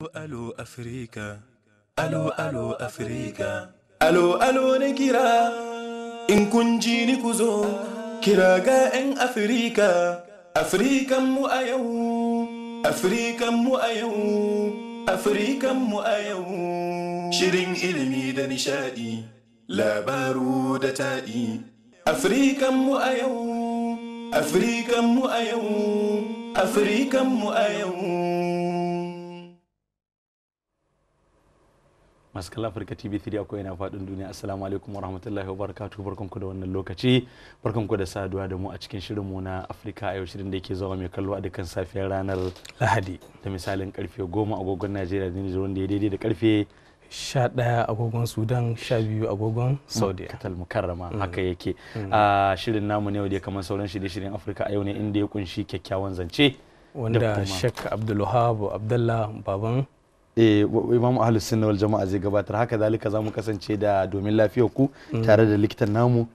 Alo Afirka, alo alo Afirka, alo alo na kira, in kun ji ni ku zo, kira ga 'yan Afirka, Afirikan mu a yau, Afirikan mu a yau, Afirikan mu a yau. Shirin ilimi da nishaɗi, labaru da taɗi, Afirikan mu a yau, Afirikan mu a yau, Afirikan mu a yau. masu kallon Afirka TV 3 akwai yana faɗin duniya assalamu alaikum warahmatullahi wabarakatuh barkanku da wannan lokaci barkanku da saduwa da mu a cikin shirin mu na Afirka a yau shirin da yake zama mai kallo a dukkan safiyar ranar Lahadi da misalin karfe 10 agogon Najeriya da Nijar wanda ya daidai da karfe 11 agogon Sudan 12 agogon Saudi Katal Mukarrama mm. haka yake mm. a shirin namu ne da kamar sauran shirye shirin Afirka a yau ne inda ya kunshi kyakkyawan zance wanda Sheikh Abdulwahab Abdullah baban Eh, imam ahlus sunna wal jama'a zai gabatar haka zalika za mu kasance da domin lafiyar ku mm. tare da likitan namu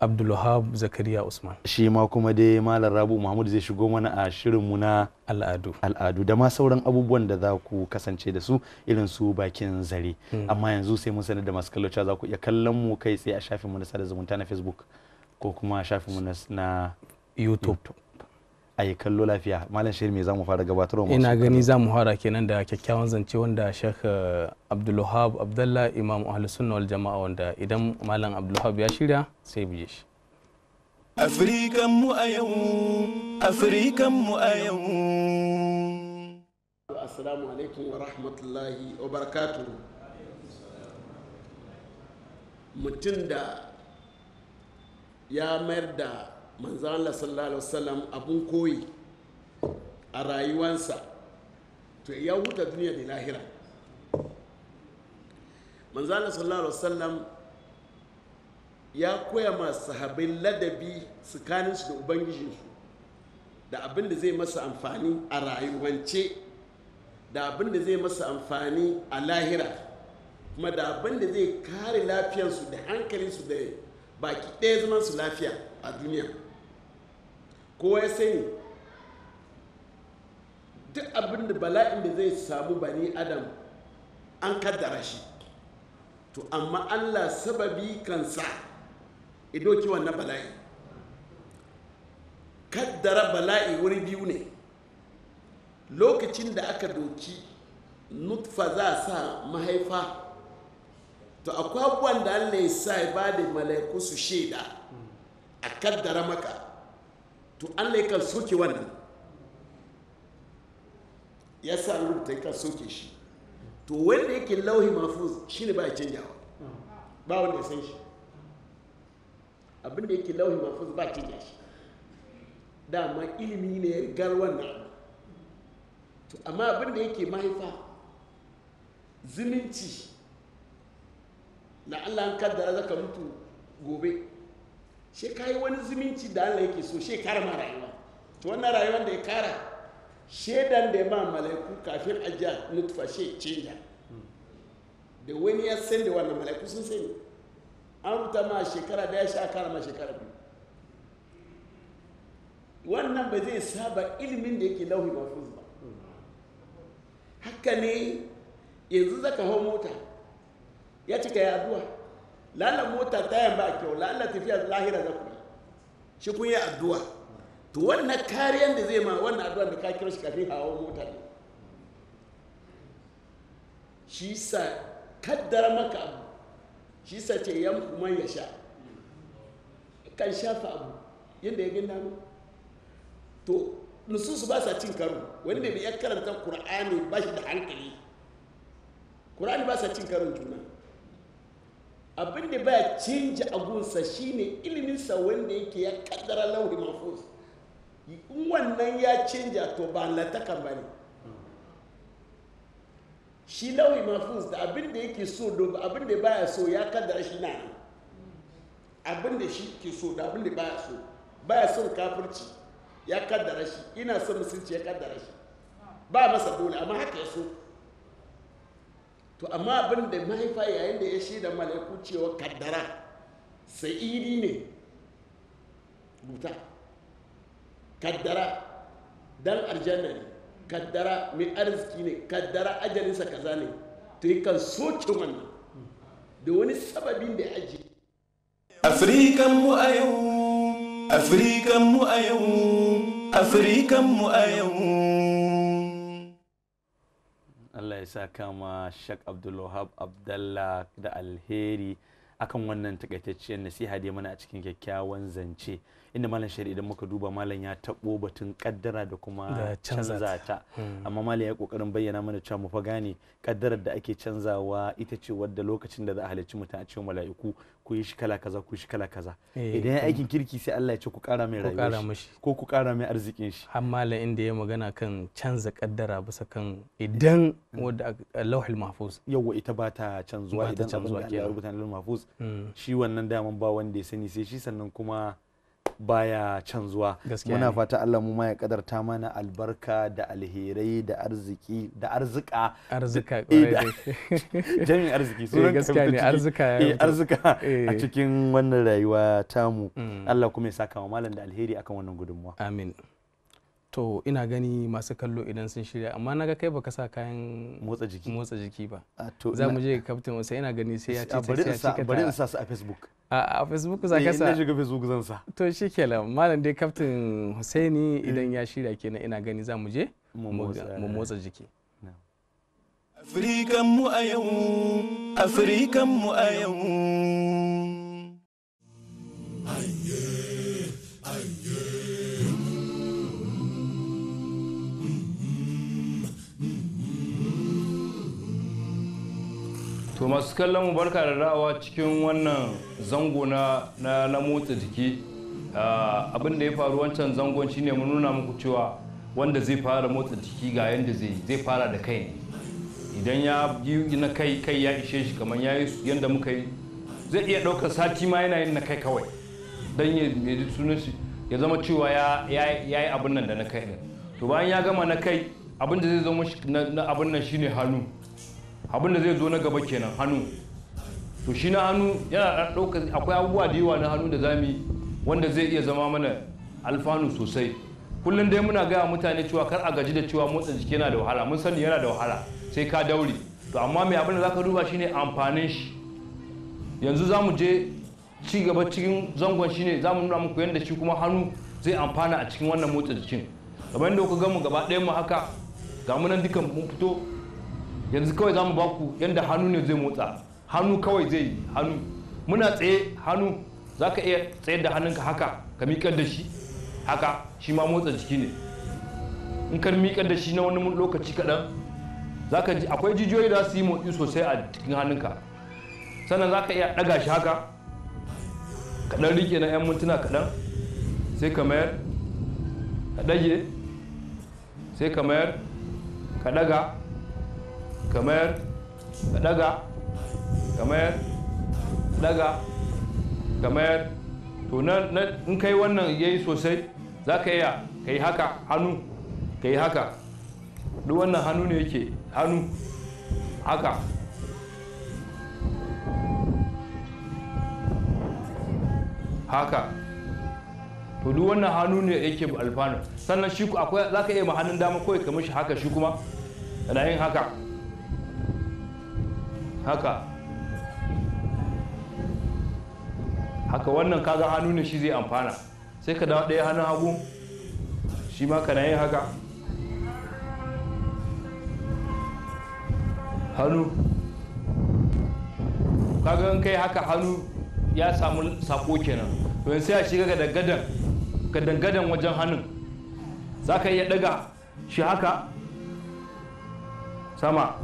abdulwahab zakariya usman shi ma kuma dai malam rabu mahmud zai shigo mana a shirin mu na al'adu al'adu da ma sauran abubuwan da za ku kasance da su irin su bakin zare mm. amma yanzu sai mun sanar da masu kallo za ku iya kallon mu kai tsaye a shafin mu na sada zumunta na facebook ko kuma shafin mu na youtube a yi kallo lafiya malam shehir me za mu fara gabatar gabatarwa ina gani za mu fara kenan da kyakkyawan zance wanda sheikh eh, abdulwahab abdallah imam ahlus sunna wal jama'a wanda idan malam abdulwahab ya shirya sai bije shi afirikan mu a yau afirikan mu a yau assalamu alaikum wa rahmatullahi wa barakatuh mutum da ya mayar da manzan Allah sallallahu alaihi wasallam abun koyi a rayuwansa to ya huta duniya da lahira manzan Allah sallallahu alaihi wasallam ya koya ma sahabai ladabi tsakaninsu da ubangijinsu da abin da zai masa amfani a rayuwance da abin da zai masa amfani a lahira kuma da abin da zai kare lafiyansu da hankalinsu da baki ɗaya zaman su lafiya a duniya ko ya sani duk abin da bala'in da zai samu bani adam an kaddara shi to amma allah sababi kan kansa idoki wannan bala'i kaddara bala'i wuri biyu ne lokacin da aka doki nutfa za a sa mahaifa to akwai abubuwan da allah ya sa ya ba da mala'iku su shaida a kaddara maka to Allah ya kan soke wannan ya sa rubuta ya kan soke shi to wanda yake lauhi mafuz ne ba ya canjawa ba wanda ya san shi abinda yake lauhi mafuz ba canja shi dama ilimi ne gar wannan to amma abinda yake mahaifa zumunci na Allah an kaddara zaka mutu gobe ka yi wani zumunci da Allah yake so shi kara ma rayuwa to wannan rayuwar da ya kara shedan da ma malaiku kafin ajiya nutfa shi canja da wani ya san da wannan malaiku sun sani an rubuta ma shekara da ya sha kara ma shekara biyu wannan ba zai saba ilimin da yake lauhi mafuz ba haka ne yanzu zaka hau mota ya cika yaduwa lalla mota ta yan ba kyau lalla tafiya lahira za ku shi kun yi addu'a to wannan kariyan da zai ma wannan addu'a da ka kira shi kafin hawa mota ne shi sa kaddara maka abu shi sa ce yan kuma ya sha kan shafa abu yadda ya gina mu to nususu ba sa cin karo wanda bai ya karanta qur'ani ba shi da hankali qur'ani ba sa cin karon juna abin da baya canja abunsa shine iliminsa wanda yake ya kaddara lauri mafus in wannan ya canja to ba latakan ba ne shi lauri mafus da abin da yake so da abin da baya so ya kaddara shi na abin da shi ke so da abin da baya so baya son kafirci ya kaddara shi ina son musulci ya kaddara shi ba masa dole amma haka ya so to amma abin da mahaifa yayin da ya shaida mala'iku cewa kaddara sa'iri ne buta kaddara dan arjanna ne kaddara mai arziki ne kaddara ajalinsa kaza ne to yi kan soke wannan da wani sababin da ya aji afirikan mu a yau afirikan mu a yau afirikan mu a yau Allah sa kama Shak Abdulwahab Abdallah da alheri akan wannan takaitacciyar nasiha dai mana a cikin kyakkyawan zance inda malam shari idan muka duba malam ya tabo batun kaddara da kuma canza ta hmm. amma malam ya kokarin bayyana mana cewa mu fa gane kaddarar da ake canzawa ita ce wadda lokacin da za a halicci mutum a cikin mala'iku ku yi shi kala kaza ku yi shi kala kaza eh, idan aikin kirki sai Allah ya ce ku kara mai rayuwa shi ko ku kara mai arzikin shi har malam inda ya magana kan canza kaddara bisa kan idan mm. wanda eh, lauhul mahfuz yawa ita ba ta canzuwa idan canzuwa ke rubuta lauhul mahfuz mm. shi wannan daman ba wanda ya sani sai shi sannan kuma baya canzuwa muna fata Allah mu ma ya kadarta mana albarka da alherai da arziki da arzika arzika jami'in arziki eh, sunan gaskiya ne arzika eh, arzika a eh. cikin wannan rayuwa tamu mm. Allah kuma ya saka wa malam da alheri akan wannan gudunmuwa amin to ina gani masu kallo idan sun shirya amma na ga kai baka sa kayan motsa jiki motsa jiki ba za mu je captain wasa ina gani sai ya ce bari in sa bari in sa su a facebook a facebook za ka eh, sa ne shiga facebook zan sa to shikenan malam dai captain Husaini idan ya shirya kenan ina gani za mu je mu eh. motsa jiki Afirikan mu a yau, Afirikan mu a yau. to masu kallon mu barka da rawa cikin wannan zango na na motsa jiki ah, abin da ya faru wancan zangon shine mu nuna muku cewa wanda zai fara motsa jiki ga yanda zai zai fara da kai idan ya yi na kai kai ya ishe shi kamar ya yi yanda muka yi zai iya ɗaukar sati ma yana yin na kai kawai don ya yi sunan shi ya zama cewa ya yi abin nan da na kai to bayan ya gama na kai abin da zai zama abin nan shine hannu abinda zai zo na gaba kenan hannu to shi na hannu yana ɗauka akwai abubuwa da yawa na hannu da zami wanda zai iya zama mana alfanu sosai kullum dai muna gaya mutane cewa kar a gaji da cewa motsa jiki yana da wahala mun sani yana da wahala sai ka dauri to amma mai abin da za ka duba shine amfanin shi yanzu za mu je ci gaba cikin zangon shi ne za mu nuna muku yadda shi kuma hannu zai amfana a cikin wannan motsa jikin kamar yadda ga mu gaba ɗayan mu haka ga mu nan dukan mun fito yanzu kawai za mu ba ku yadda hannu ne zai motsa hannu kawai zai hannu muna tsaye hannu za ka iya tsayar da hannunka haka ka miƙar da shi haka shi ma motsa jiki ne in ka miƙar da shi na wani lokaci kaɗan za ka ji akwai jijiyoyi da su yi motsi sosai a cikin hannunka sannan za ka iya ɗaga shi haka kaɗan riƙe na 'yan mintuna kaɗan sai ka mayar ka ɗage sai ka mayar ka ɗaga kamar daga kamar daga kamar to nan in kai wannan ya yi sosai za ka iya ka yi haka hannu ka yi haka duk wannan hannu ne yake hannu haka haka to duk wannan hannu ne yake alfanu sannan shi akwai za ka iya ma hannun dama kawai ka shi haka shi kuma yana yin haka haka haka wannan kaga hannu ne shi zai amfana sai ka dawo ɗaya hannun hagu shi ma ka na yin haka hannu kaga in kai haka hannu ya samu sako kenan to sai a shiga ga dangadan ga dangadan wajen hannun za ka iya daga shi haka sama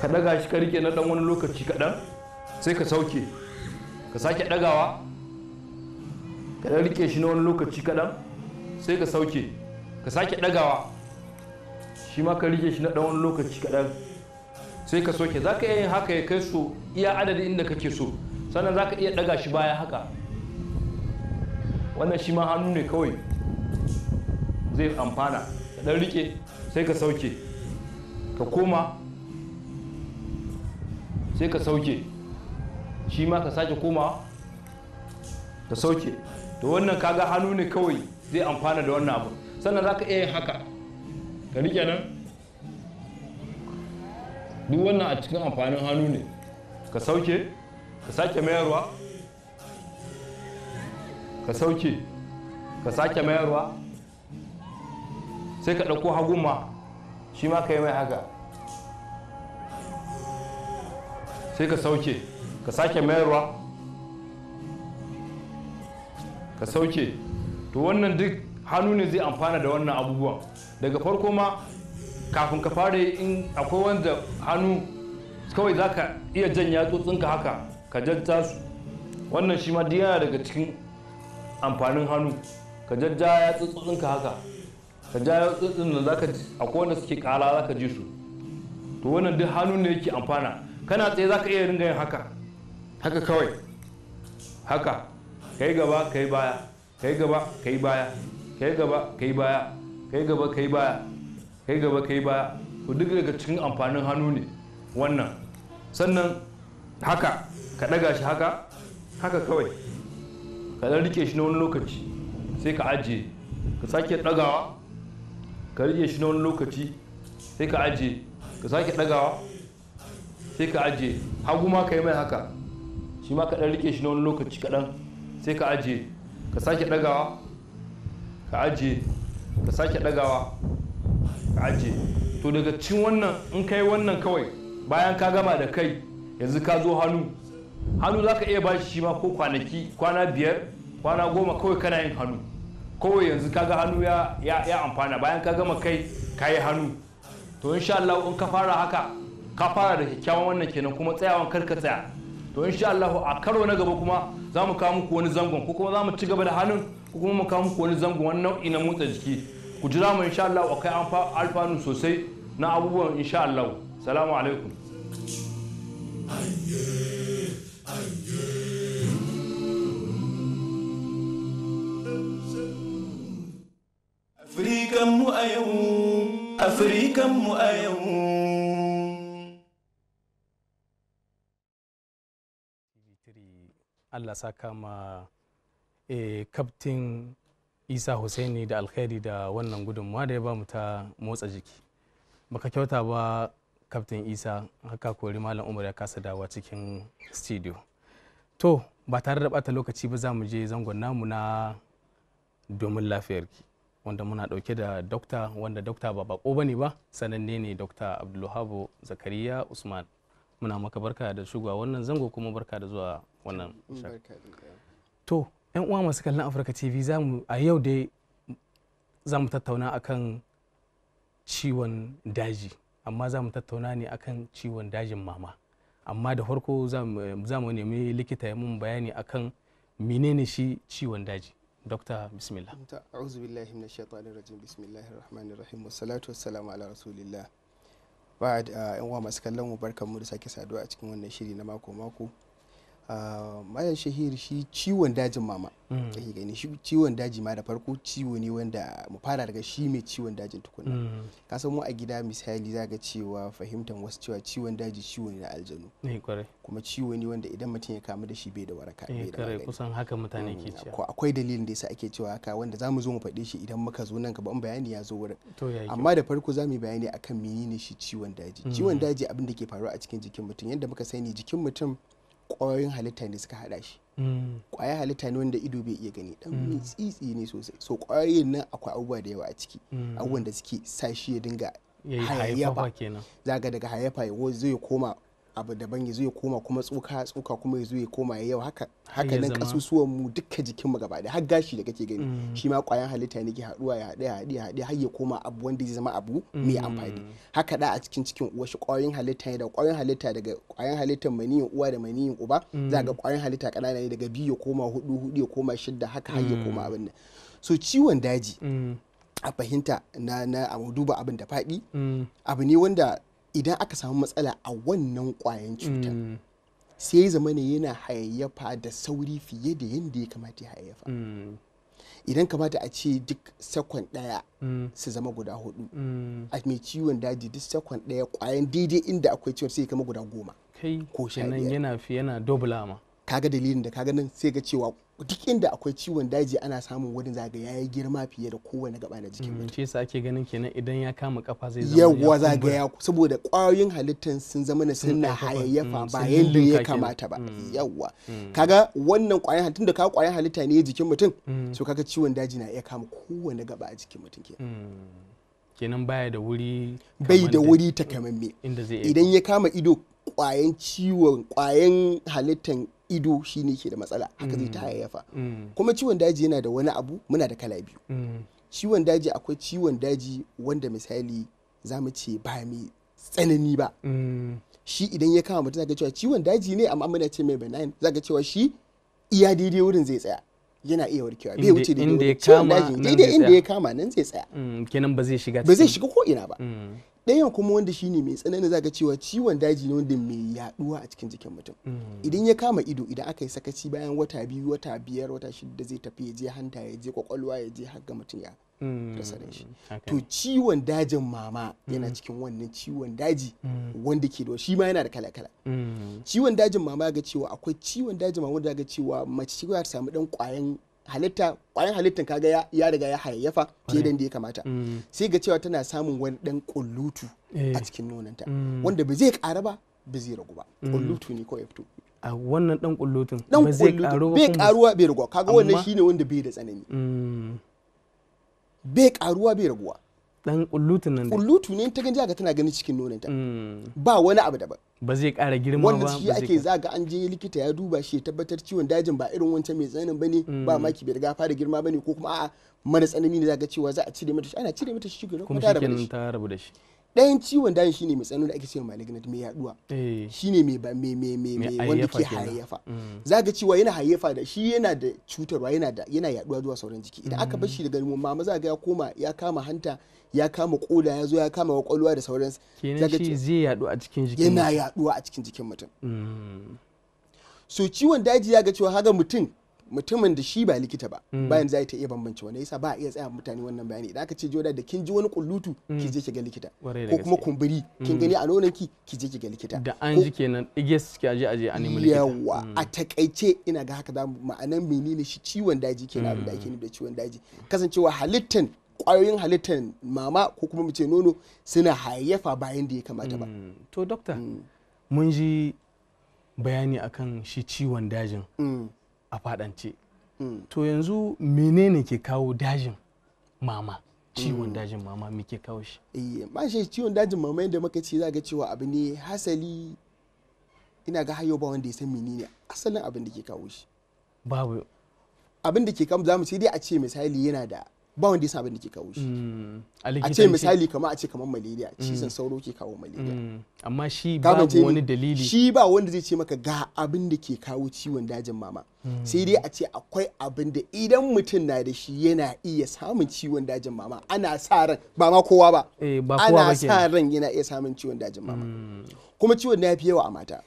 ka daga shi ka rike na dan wani lokaci kaɗan sai ka sauke ka sake dagawa ka dan rike shi na wani lokaci kaɗan sai ka sauke ka sake dagawa shi ma ka rike shi na dan wani lokaci kaɗan sai ka soke za ka iya yin haka ya kai so iya adadin inda kake so sannan za ka iya daga shi baya haka wannan shi ma hannu ne kawai zai amfana ka dan rike sai ka sauke ka koma sai ka sauke shi ma ka sake koma ka sauke to wannan kaga hannu ne kawai zai amfana da wannan abu sannan za ka iya yin haka ka riƙe nan duk wannan a cikin amfanin hannu ne ka sauke ka sake mayarwa ka sauke ka sake mayarwa sai ka ɗauko hagu ma shi ma ka yi mai haka sai ka sauke ka sake mayarwa ka sauke to wannan duk hannu ne zai amfana da wannan abubuwan daga farko ma kafin ka fara in akwai wanda hannu kawai za ka iya jan yatsotsinka haka ka jajja su wannan shi ma duk yana daga cikin amfanin hannu ka jajja yatsotsinka haka ka ja yatsotsin da za ka akwai wanda suke kala za ka ji su to wannan duk hannu ne yake amfana kana tsaye za ka iya ringa yin haka haka kawai haka kai gaba kai baya kai gaba kai baya kai gaba kai baya kai gaba kai baya kai gaba kai baya ku duk daga cikin amfanin hannu ne wannan sannan haka ka ɗaga shi haka haka kawai ka ɗan rike shi na wani lokaci sai ka ajiye ka sake ɗagawa ka rike shi na wani lokaci sai ka ajiye ka sake ɗagawa sai ka ajiye hagu ma ka yi mai haka shi ma ka ɗan rike shi na wani lokaci kaɗan sai ka ajiye ka sake ɗagawa ka ajiye ka sake ɗagawa ka ajiye to daga cin wannan in kai wannan kawai bayan ka gama da kai yanzu ka zo hannu hannu za ka iya ba shi ma ko kwanaki kwana biyar kwana goma kawai kana yin hannu kawai yanzu ka ga hannu ya amfana bayan ka gama kai ka yi hannu to insha Allah in ka fara haka ka fara da kyakkyawan wannan kenan kuma tsayawan karka tsaya to insha Allah a karo na gaba kuma za mu kawo muku wani zangon ko kuma za mu ci gaba da hannun ko kuma mu kawo muku wani zangon wani nau'i na motsa jiki ku jira mu insha Allah akai alfanu sosai na abubuwan insha Allah salamu alaikum Afirikan mu a yau, Afirikan mu a yau. allah saka ma kaftin eh, isa Hussaini da alkhairi da wannan gudunmawa da ya bamu ta motsa jiki baka kyauta ba kaftin isa haka kori malam umar ya kasa dawa cikin studio to ba tare da bata lokaci ba za mu je zangon namu na domin lafiyarki wanda muna dauke da dokta wanda dokta ba bako ba ne ba sananne ne dokta Abdullahabu zakariya usman muna maka barka da shugwa wannan zango kuma barka da zuwa wannan mm, to yan uwa masu kallon afirka tv zamu a yau dai za mu tattauna akan ciwon daji amma za mu tattauna ne akan ciwon dajin mama amma da farko za mu nemi likita ya mun bayani akan menene shi ciwon daji dokta bismillah ta'awuzu billahi minash shaitanir rajim bismillahir rahmanir rahim wassalatu wassalamu ala rasulillah ba uh, yan uwa masu kallon mu barkan mu da sake saduwa a cikin wannan shiri na mako mako Ah, mayan shahir shi ciwon dajin mama mm. kake gani shi ciwon daji ma da farko ciwo ne wanda mu fara daga shi mai ciwon dajin tukuna mm. ka san mu a gida misali zaga cewa fahimtar wasu cewa ciwon daji ciwo ne na aljanu eh, kuma ciwo ne wanda idan mutum ya kamu da shi bai da waraka eh, bai da kusan haka mutane ke mm, cewa akwai dalilin da yasa ake cewa haka wanda zamu zo mu faɗe shi idan muka zo nan gaba bayani ya zo wurin amma da farko za mu bayani akan menene shi ciwon daji ciwon daji abin da ke faruwa a cikin jikin mutum yadda muka sani jikin mutum kwayoyin halitta ne suka haɗa shi kwayoyin mm. halitta ne wanda ido bai iya gani dan mm. tsitsi ne sosai so kwayoyin nan akwai abubuwa da yawa a ciki mm. abubuwan da suke sa shi ya dinga hayayyafa za ga daga hayayyafa ya zai koma abu daban ya zo ya koma kuma tsoka tsoka kuma ya zo ya koma ya yau haka haka nan kasusuwan mu duka jikin mu gaba har gashi da kake gani mm. shi ma kwayan halitta ne ke haduwa ya haɗe ya haɗe haɗe har ya koma abu wanda zai zama abu mai mm. amfani haka da a cikin cikin uwa shi kwayoyin halitta ne da kwayoyin halitta daga kwayan halittar maniyin uwa da maniyin uba mm. za ga kwayan halitta kanana ne daga biyu ya koma hudu hudu ya koma shidda haka har ya koma abin nan so ciwon daji a fahimta na na duba abin da faɗi abu ne wanda idan aka samu matsala a wannan kwayan cuta mm. sai zama ne yana hayayyafa da sauri fiye da yadda ya kamata ya hayayyafa mm. idan kamata a ce duk sakon daya mm. su zama guda hudu a mai ciwon daji duk sakon daya kwayan daidai inda akwai ciwon sai kama guda goma kai ko kenan yana fi yana dobla ma kaga dalilin da kaga nan sai ga cewa duk inda akwai ciwon daji ana samun wurin zaga yayi girma fiye da kowane gaba na jikin mm, mutum. yasa ake ganin kenan idan ya kama kafa zai zama yawa zaga ya saboda kwayoyin halittar sun zama na sun na hayayyafa mm, ba yadda ya kamata ba mm. yawa kaga wannan kwayoyin halittar da kawo kwayoyin halitta ne jikin mutum so kaga ciwon daji na iya kama kowane gaba a jikin mutum kenan. kenan baya da wuri bai da wuri takamamme idan ya kama ido kwayan ciwon kwayan halittan ido shine ke da matsala haka zai ta mm. hayayyafa mm. kuma ciwon daji yana da wani abu muna da kala biyu mm. ciwon daji akwai ciwon daji wanda misali za mu ce ba mai tsanani ba shi idan ya kama mutum zaka cewa ciwon daji ne amma muna ce mai benign zaka cewa shi iya daidai wurin zai tsaya yana iya warkewa bai wuce daidai wurin ciwon daji daidai inda ya kama nan zai tsaya kenan ba zai shiga ba zai shiga ko ina ba ɗayan kuma wanda shine mai tsanani zaka cewa ciwon daji ne wanda mai yaduwa a cikin jikin mutum mm. idan ya kama ido idan aka yi sakaci bayan wata biyu wata biyar wata shida zai tafi ya je hanta ya je kwakwalwa ya je har ga mutum ya mm. rasa shi to ciwon dajin mama yana mm. cikin wannan ciwon daji wanda ke da shi ma yana da kala kala ciwon dajin mama ga cewa akwai ciwon dajin mama wanda ga cewa mace ta samu dan kwayan halitta kwayan halittan kaga ya ya riga ya hayayyafa fiye da ya kamata mm. sai ga cewa tana samun wani dan kullutu a eh. cikin nonanta mm. wanda ba zai ƙara ba ba zai ragu ba kullutu mm. ne kawai fito a wannan dan kullutun ba zai karu ba bai karuwa bai raguwa kaga wannan shine wanda bai da tsanani bai karuwa bai raguwa dan kullutun nan kullutu ne ta ganja ga tana ganin cikin nonanta ba wani abu daban ba zai kara girma ba wannan shi ake zaga an je likita ya duba shi ya tabbatar ciwon dajin ba irin wancan mai tsananin bane mm. ba maki bai riga fara girma bane ko kuma a'a mana tsanani ne zaga cewa za a cire mata shi ana cire mata shi kuma ta rabu da shi ɗayan ciwon dajin shine mai tsanani da ake cewa malignant mai yaduwa eh. shine mai ba mai mai mai wanda ke hayayyafa mm. zaga cewa yana hayayyafa da shi yana da cutarwa yana da yana yaduwa zuwa sauran jiki idan aka bar mm. shi daga mu ma za ga ya koma ya kama hanta ya kama koda ya zo ya kama kwakwalwa da sauransu kenan shi zai yadu a cikin jikin yana yaduwa a cikin jikin mutum mm. so ciwon daji ya ga cewa haga mutum mutumin da shi ba likita ba mm. bayan za ta iya bambance wani yasa ba a iya tsaya mutane wannan bayani idan aka ce joda da kin ji wani kullutu mm. ki je ki ga likita ko kuma kumburi kin gani a nonon ki ki je ki ga likita da an ji kenan iges ki aje aje a nemi likita yawa a takaice ina ga haka zamu ma'anan menene shi ciwon daji kenan abin da ake nufi da ciwon daji kasancewa halittan kwayoyin halittar mama ko kuma mu ce nono suna hayayyafa bayan da ya kamata ba mm. to dokta mm. mun ji bayani akan shi ciwon dajin mm. a fadance to yanzu menene ke kawo dajin mama ciwon dajin mama me ke kawo shi Iya, eh, ma shi ciwon dajin mama yadda muka ce za ga cewa abu ne hasali ina ga hayo ba wanda ya san menene asalin abin da ke kawo shi babu abin da ke kawo za mu ce dai a ce misali yana da ba wanda ya sa abin da ke kawo shi hmm. a ce misali kamar a ce kamar malaria cizon hmm. sauro ke kawo malaria hmm. amma shi ba wani dalili shi ba wanda zai ce maka ga abin da ke kawo ciwon dajin mama sai dai a ce akwai abin da idan mutum na da shi yana iya samun ciwon dajin mama ana sa ran ba ma kowa ba eh, ana sa ran yana iya samun ciwon dajin mama kuma ciwon na fi yawa a mata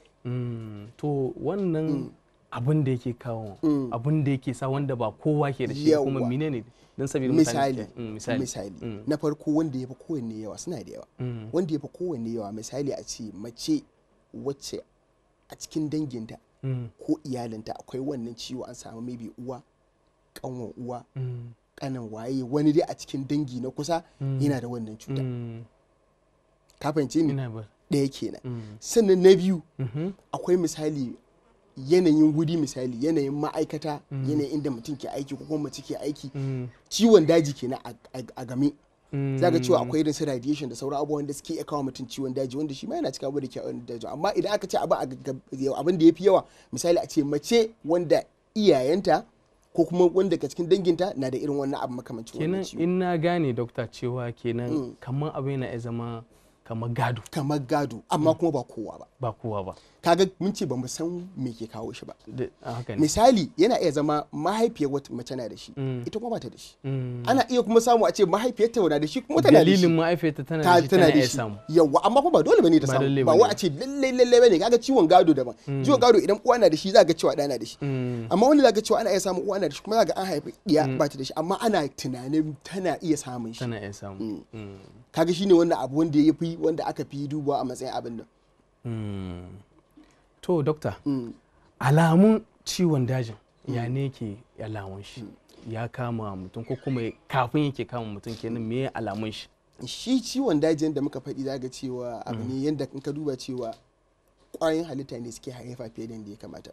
to wannan abin da yake kawo abin da yake sa wanda ba kowa ke da shi kuma menene ne don mm, misali misali mm. na farko wanda ya fi kowanne yawa suna da yawa mm. wanda ya fi kowanne yawa misali a ce mace wacce a cikin danginta ko iyalinta akwai wannan ciwo an samu maybe uwa kanwan uwa kanan waye wani dai a cikin dangi na kusa yana da wannan cuta ka ce ni ɗaya kenan sannan na biyu mm-hmm. akwai misali yanayin wuri misali yanayin ma'aikata mm. yanayin inda mutum ke aiki ko kuma mace ke aiki mm. ciwon daji kenan a game mm. za ga cewa akwai irin su radiation da sauran abubuwan da suke iya kawo mutum ciwon daji wanda shi ma yana cika da kyawun daji amma idan aka ce abin da ya fi yawa misali a ce mace wanda iyayenta ko kuma wanda ka cikin danginta na da irin wannan abu makamancin wannan ciwo kenan in na gane dokta cewa kenan kamar abin yana zama kamar gado kamar gado amma kuma ba kowa ba ba kowa ba kaga mun ce ba mu san me ke kawo shi ba misali yana iya zama mahaifiyar wata mace na da shi mm. ita kuma bata da shi mm. ana iya kuma samu a ce mahaifiyar ta da shi kuma tana da shi dalilin mahaifiyarta tana da shi tana da shi yawa amma kuma ba dole bane ta samu ba wai a ce lalle lalle bane kaga ciwon gado daban mm. ciwon gado idan uwa na da shi zaka cewa da na da shi amma wani zaka cewa ana iya samu uwa na da shi kuma zaka an haifi iya bata da shi amma ana tunanin tana iya samun shi tana iya samu kaga shine wannan abu wanda ya fi wanda aka fi dubawa a matsayin abin nan to dokta mm. alamun ciwon dajin mm. ya ne ke alamun shi ya kama mutum ko kuma kafin yake kama mutum kenan me alamun shi shi ciwon dajin da muka faɗi zaga cewa abu ne mm. yadda in ka duba cewa ƙwayoyin halitta ne suke haifa fiye da ya kamata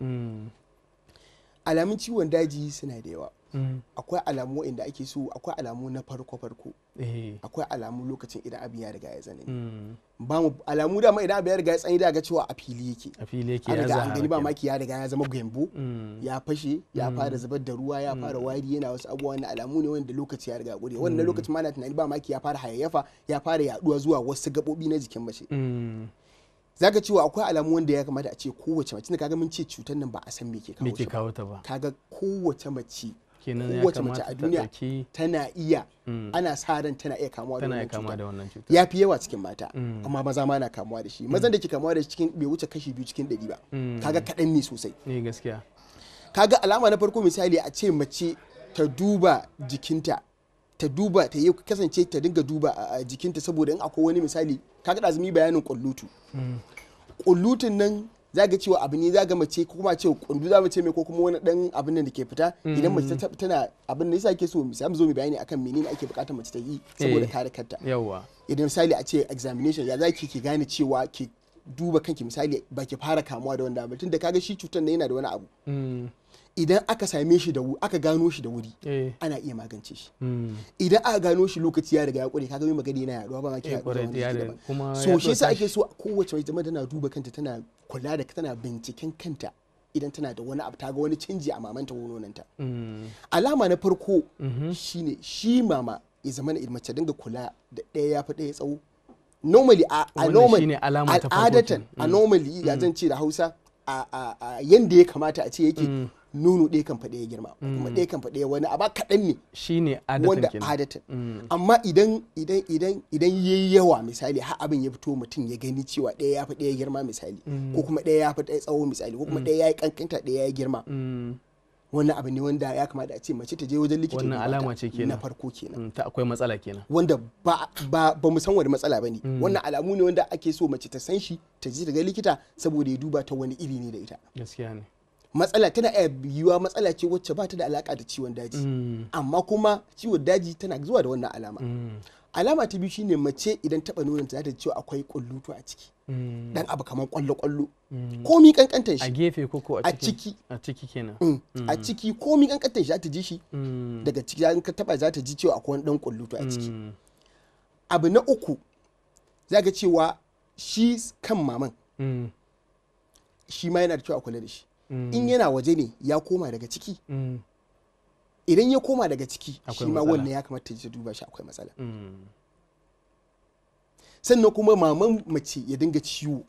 alamun ciwon daji suna da yawa Mm. akwai alamu inda ake so akwai alamu na farko farko eh. akwai alamu lokacin idan abin ya riga ya zane mm. ba mu alamu dama idan abin ya riga ya tsani da ga cewa a fili yake a fili yake ya zama gani ba maki ya riga ya zama gembo mm. ya fashe ya fara zubar da ruwa ya fara wari yana wasu abubuwa wannan alamu ne wanda lokaci ya riga ya gure wannan lokacin ma na tunani ba maki ya fara hayayyafa ya fara yaduwa zuwa wasu gabobi na jikin mace zaka cewa akwai alamu wanda ya kamata a ce kowace mace da kaga mun ce cutar nan ba a san me ke kawo ta ba kaga kowace mace kenan ya kamata a duniya tana iya mm. ana sa ran tana iya kamuwa da wannan cuta ya fi yawa cikin mata mm. amma maza ma na kamuwa da shi mm. mazan da ke kamuwa da shi cikin bai wuce kashi biyu cikin ɗari ba kaga kaɗan ne sosai ne gaskiya kaga alama na farko misali a ce mace ta duba jikinta ta duba ta yi kasance ta dinga duba a jikinta saboda in akwai wani misali kaga da azumi bayanin kullutu kullutun nan za ga cewa abu ne za ga mace ko kuma ce kundu za mu mai ko kuma wani dan abin nan da ke fita idan mace tana abin da yasa ke so mu zo mu bayani akan menene ake bukatar mace ta yi saboda eh, kare kanta yawa idan misali a ce examination ya zaki ki gane cewa ki duba kanki misali ba ki fara kamuwa da wanda mutum tun da kaga shi cutar na yana da wani abu mm. idan aka same shi da aka gano shi da wuri eh. ana iya magance shi hmm. idan aka gano shi lokaci ya riga ya kure kaga mai magani yana yaduwa ba ma eh, ke yaduwa so shi sa ake so kowace mai zama tana duba kanta tana kula da tana binciken kanta idan tana da wani abu ta ga wani canji a mamanta ko nonanta hmm. alama na farko mm-hmm. shine shi mama ya zama na ilmace dinga kula da ɗaya ya fi ɗaya tsawo normally a al'adatan a mm. normally ya mm. zan ce da Hausa a yanda ya kamata a ce yake mm. nono ɗaya kan faɗe ya girma kuma mm. ɗaya kan faɗe wani aba kaɗan ne shine wanda adatan mm. amma idan idan idan idan yayi yawa misali har abin ya fito mutum ya gani cewa ɗaya ya faɗe ya girma misali mm. ko kuma ɗaya ya faɗe tsawo misali ko kuma ɗaya ya yi kankanta ɗaya ya girma wannan abu ne wanda ya kamata a ce mace ta je wajen likita wannan alama ce kenan na farko kenan ta akwai matsala kenan wanda ba ba ba mu san wani matsala bane wannan alamu ne wanda ake so mace ta san shi ta je ta ga likita saboda ya duba ta wani iri ne da ita gaskiya ne matsala tana iya yiwuwa matsala ce wacce ba ta da alaka da ciwon daji mm. amma kuma ciwon daji tana zuwa da wannan alama mm. alama ta biyu shine mace idan taba nonon za ta cewa akwai kullutu a ciki mm. dan abu kamar kwallo kwallo mi kankantan shi a gefe ko ko a ciki a ciki kenan a ciki ko mi kankantan shi za ta ji shi daga ciki za ka taba za ta ji cewa akwai dan kullutu a ciki abu na uku za ka cewa shi kan maman shi ma yana da cewa akwai kula da shi in mm. yana waje ne ya koma daga ciki mm. idan ya koma daga ciki shi ma wannan ya kamata ta duba shi akwai matsala mm. sannan kuma maman mace ya dinga ciwo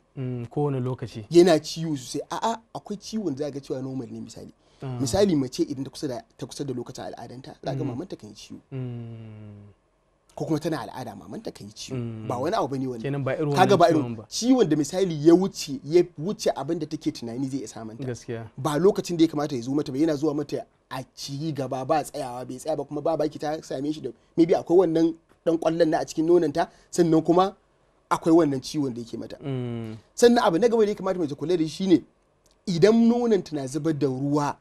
kowane lokaci yana ciwo sosai a'a akwai ciwon za ga cewa normal ne misali misali mace idan ta kusa da lokacin al'adanta za ga mamanta kan yi ciwo ko kuma tana al'ada maman ta yi ciwo mm. ba wani abu bane wani kenan ba irin kaga ba irin ciwon da misali ya wuce ya wuce abin da take tunani zai isa manta gaskiya ba lokacin da ya kamata ya zo mata ba yana zuwa mata a ci gaba ba tsayawa bai tsaya ba kuma ba baki ta same shi da maybe akwai wannan dan kwallon na a cikin nonanta sannan kuma akwai wannan ciwon da yake mata mm. sannan abu na gaba da ya kamata mace kula da shi ne idan nonanta na zubar da ruwa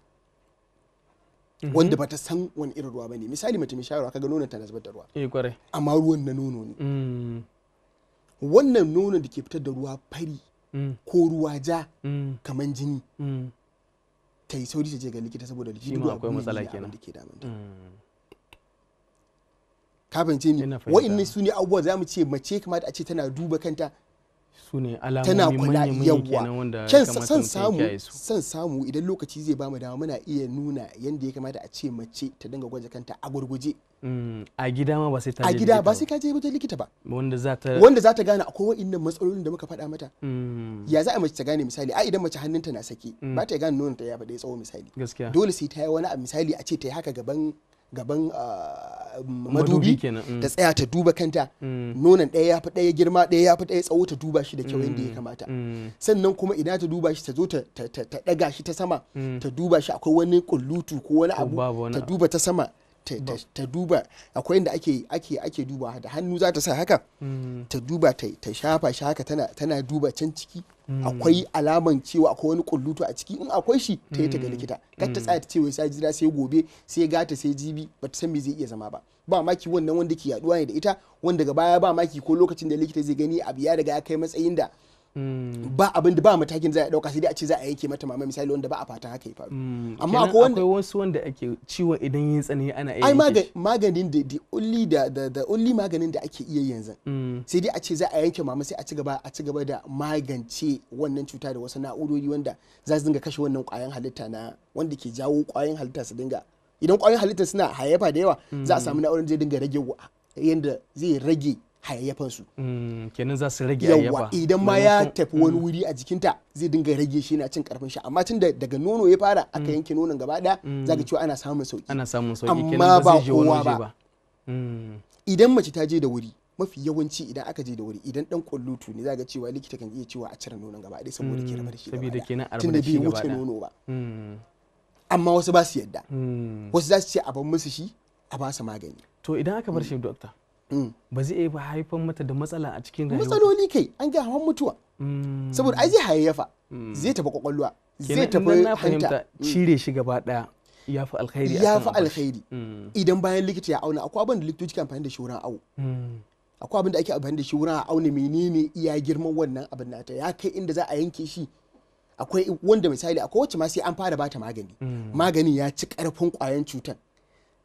Mhm. wanda bata san wani irin ruwa bane misali mace mai shayarwa kaga nonon ta na zubar da ruwa eh kwarai amma ruwan na nono ne mm. wannan nonon da ke fitar da ruwa fari mm. ko ruwa ja mm. kamar jini ta yi sauri ta je ga likita saboda likita duk akwai matsala kenan da ke damunta ka fahimce ni wa'annan su ne abubuwa za mu ce mace kamata a ce tana duba kanta tana kula yawwa can san samu san samu idan lokaci zai bamu dama muna iya nuna yadda ya kamata a ce mace ta dinga gwaje kanta a gurguje mm, a gida ma ba sai ta a gida ba sai ka je wajen likita ba wanda za ta wanda za ta gane akwai wa'annan matsalolin da muka faɗa mata mm. ya za a mace ta gane misali a idan mace hannunta na sake mm. ba ta gane nonon ta ya tsawo misali gaskiya dole sai ta yi wani a misali a ce ta yi haka gaban gaban ah, madubi mm. ta tsaya ta duba kanta mm. nonon ɗaya ya fi ɗaya girma ɗaya ya fi ɗaya tsawo ta duba shi da kyau yadda ya mm. kamata sannan kuma idan ta duba shi ta zo ta ɗaga shi ta sama ta duba shi akwai wani kullutu ko wani abu ta duba ta sama ta duba akwai inda ake duba da hannu za ta sa haka mm. ta duba ta shafa shi haka tana duba can ciki mm. akwai alaman cewa akwai wani kullutu a ciki in akwai shi ta yi ta ga mm. likita kar ta tsaya ta ce wai sai jira sai gobe sai gata sai jibi ba ta san me zai iya zama ba ba maki wannan wanda ke yaduwa ne da ita wanda daga baya ba maki ko lokacin da likita zai gani abu ya riga ya kai matsayin da Hmm. ba abin da ba matakin za a dauka sai dai a ce za a yanke mata mamaye misali wanda ba a fatan haka ya faru hmm. amma akwai wanda akwai wasu wanda ake ciwo idan yin tsani ana iya ai maganin da the only da the only maganin da ake iya yanzu hmm. sai dai a ce za a yanke mama sai a ci gaba a ci gaba da magance wannan cuta da wasu na'urori wanda za su dinga kashe wannan kwayan halitta na wanda ke jawo kwayan halitta su dinga idan kwayoyin halitta suna hayafa da yawa za a samu na'urar zai dinga rage yadda zai rage su. Mm, kenan za su rage yawwa idan ma ya tafi wani mm. wuri a jikinta zai dinga rage shi na cin karfin shi amma tun daga nono ya fara aka mm. yanke nonon gaba daya za ka cewa ana samun sauki ana samun sauki amma ba kowa ba idan mace ta je da wuri mafi yawanci idan aka je da wuri idan dan kullutu ne za ga cewa likita kan iya cewa a cire nonon gaba daya saboda ke rabar shi saboda kenan rabar da gaba wuce nono ba amma wasu ba su yadda wasu za su ce a bar musu shi a ba su magani to idan aka bar shi doctor Mm. ba zai iya haifar mata da matsala a cikin rayuwa matsaloli kai an ga hawan mutuwa mm. saboda ai zai hayayyafa mm. zai tafi kwakwalwa zai tafi hanta cire shi gaba daya ya fi alkhairi ya fi alkhairi idan bayan likita ya auna akwai abin da likitoci kan amfani da shi wurin awo akwai abin da ake amfani da shi wurin auna menene iya girman wannan abin nata ya kai inda za a yanke shi akwai wanda misali akwai wacce ma sai an fara bata magani maganin ya ci karfin kwayan cutar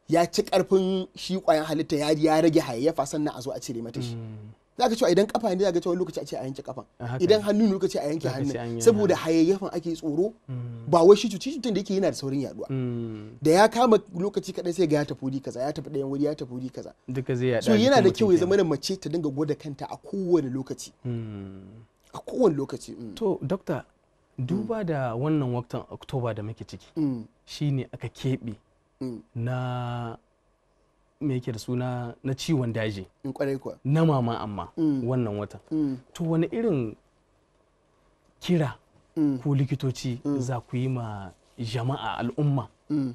ya ci karfin shi kwayan halitta ya ya rage hayayyafa sannan a zo a cire mata shi mm. za ka cewa idan kafa ne za ka cewa lokaci a ce a yanke kafan idan hannu ne lokaci a yanke hannun saboda hayayyafan ake tsoro mm. ba wai shi cuci cutin da yake yana da saurin yaduwa mm. da ya kama lokaci kadai sai ga ya tafi kaza ya tafi dayan wuri ya tafi wuri kaza duka zai so yana da kyau ya zama da mace ta dinga gwada kanta a kowane lokaci a kowane lokaci to doctor duba da wannan waktan october da muke ciki shine aka keɓe na me yake da suna na ciwon daji mm, na mama amma mm. wannan watan mm. to wani irin kira ko likitoci za ku yi ma jama'a al'umma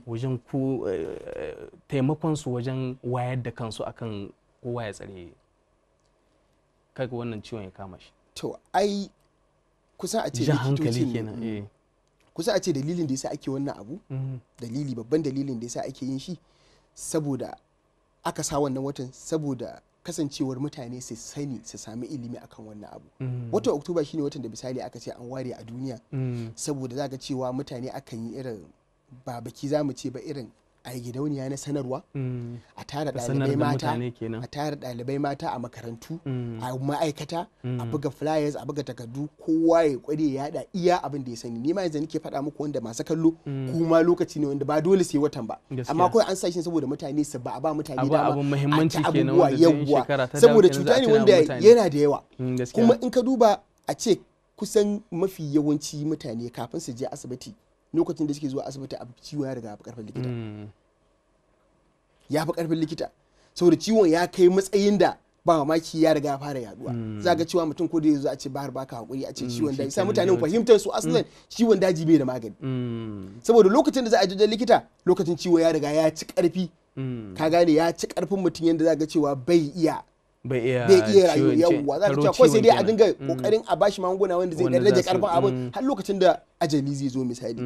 wajen ku eh, taimakon su wajen wayar da kansu akan kowa ya tsare kaga wannan ciwon ya kama shi to ai kusa a ce likitoci kusa a ce dalilin da yasa ake wannan abu mhm. dalili babban dalilin da yasa ake yin shi saboda aka sa wannan watan saboda kasancewar mutane su sani su sami ilimi akan wannan abu mhm. watan oktoba shine watan da misali aka ce an ware a duniya mhm. saboda za ga cewa mutane akan yi irin ba baki za mu ce ba irin a gidauniya na sanarwa mm. a tara dalibai mata a tara dalibai mata a makarantu mm. a ma'aikata a mm. buga flyers a buga takardu kowa ya kware ya yada iya abin da ya sani ni ma yanzu nake faɗa muku wanda masu kallo kuma lokaci ne wanda ba dole yi watan ba amma kawai an sa shi saboda mutane su ba a ba mutane dama abin muhimmanci kenan wanda saboda cuta ne wanda yana da yawa kuma in ka duba a ce kusan mafi yawanci mutane kafin su je asibiti lokacin da suke zuwa asibiti a ciwo ya riga karfin likita ya fi karfin likita saboda ciwon ya kai matsayin da ba mamaki ya riga fara yaduwa hmm. za ga cewa mutum ko da yazo a ce bahar baka hakuri a ce hmm, ciwon daji sai mu fahimtar su asalin hmm. ciwon daji bai da magani saboda lokacin da za a je likita lokacin ciwon ya riga ya ci karfi ka gane ya ci karfin mutum yadda za ga cewa bai iya bai iya rayuwa za ka cewa ko sai dai a dinga kokarin a bashi magunguna wanda zai dan rage karfin abin har lokacin da ajali zai zo misali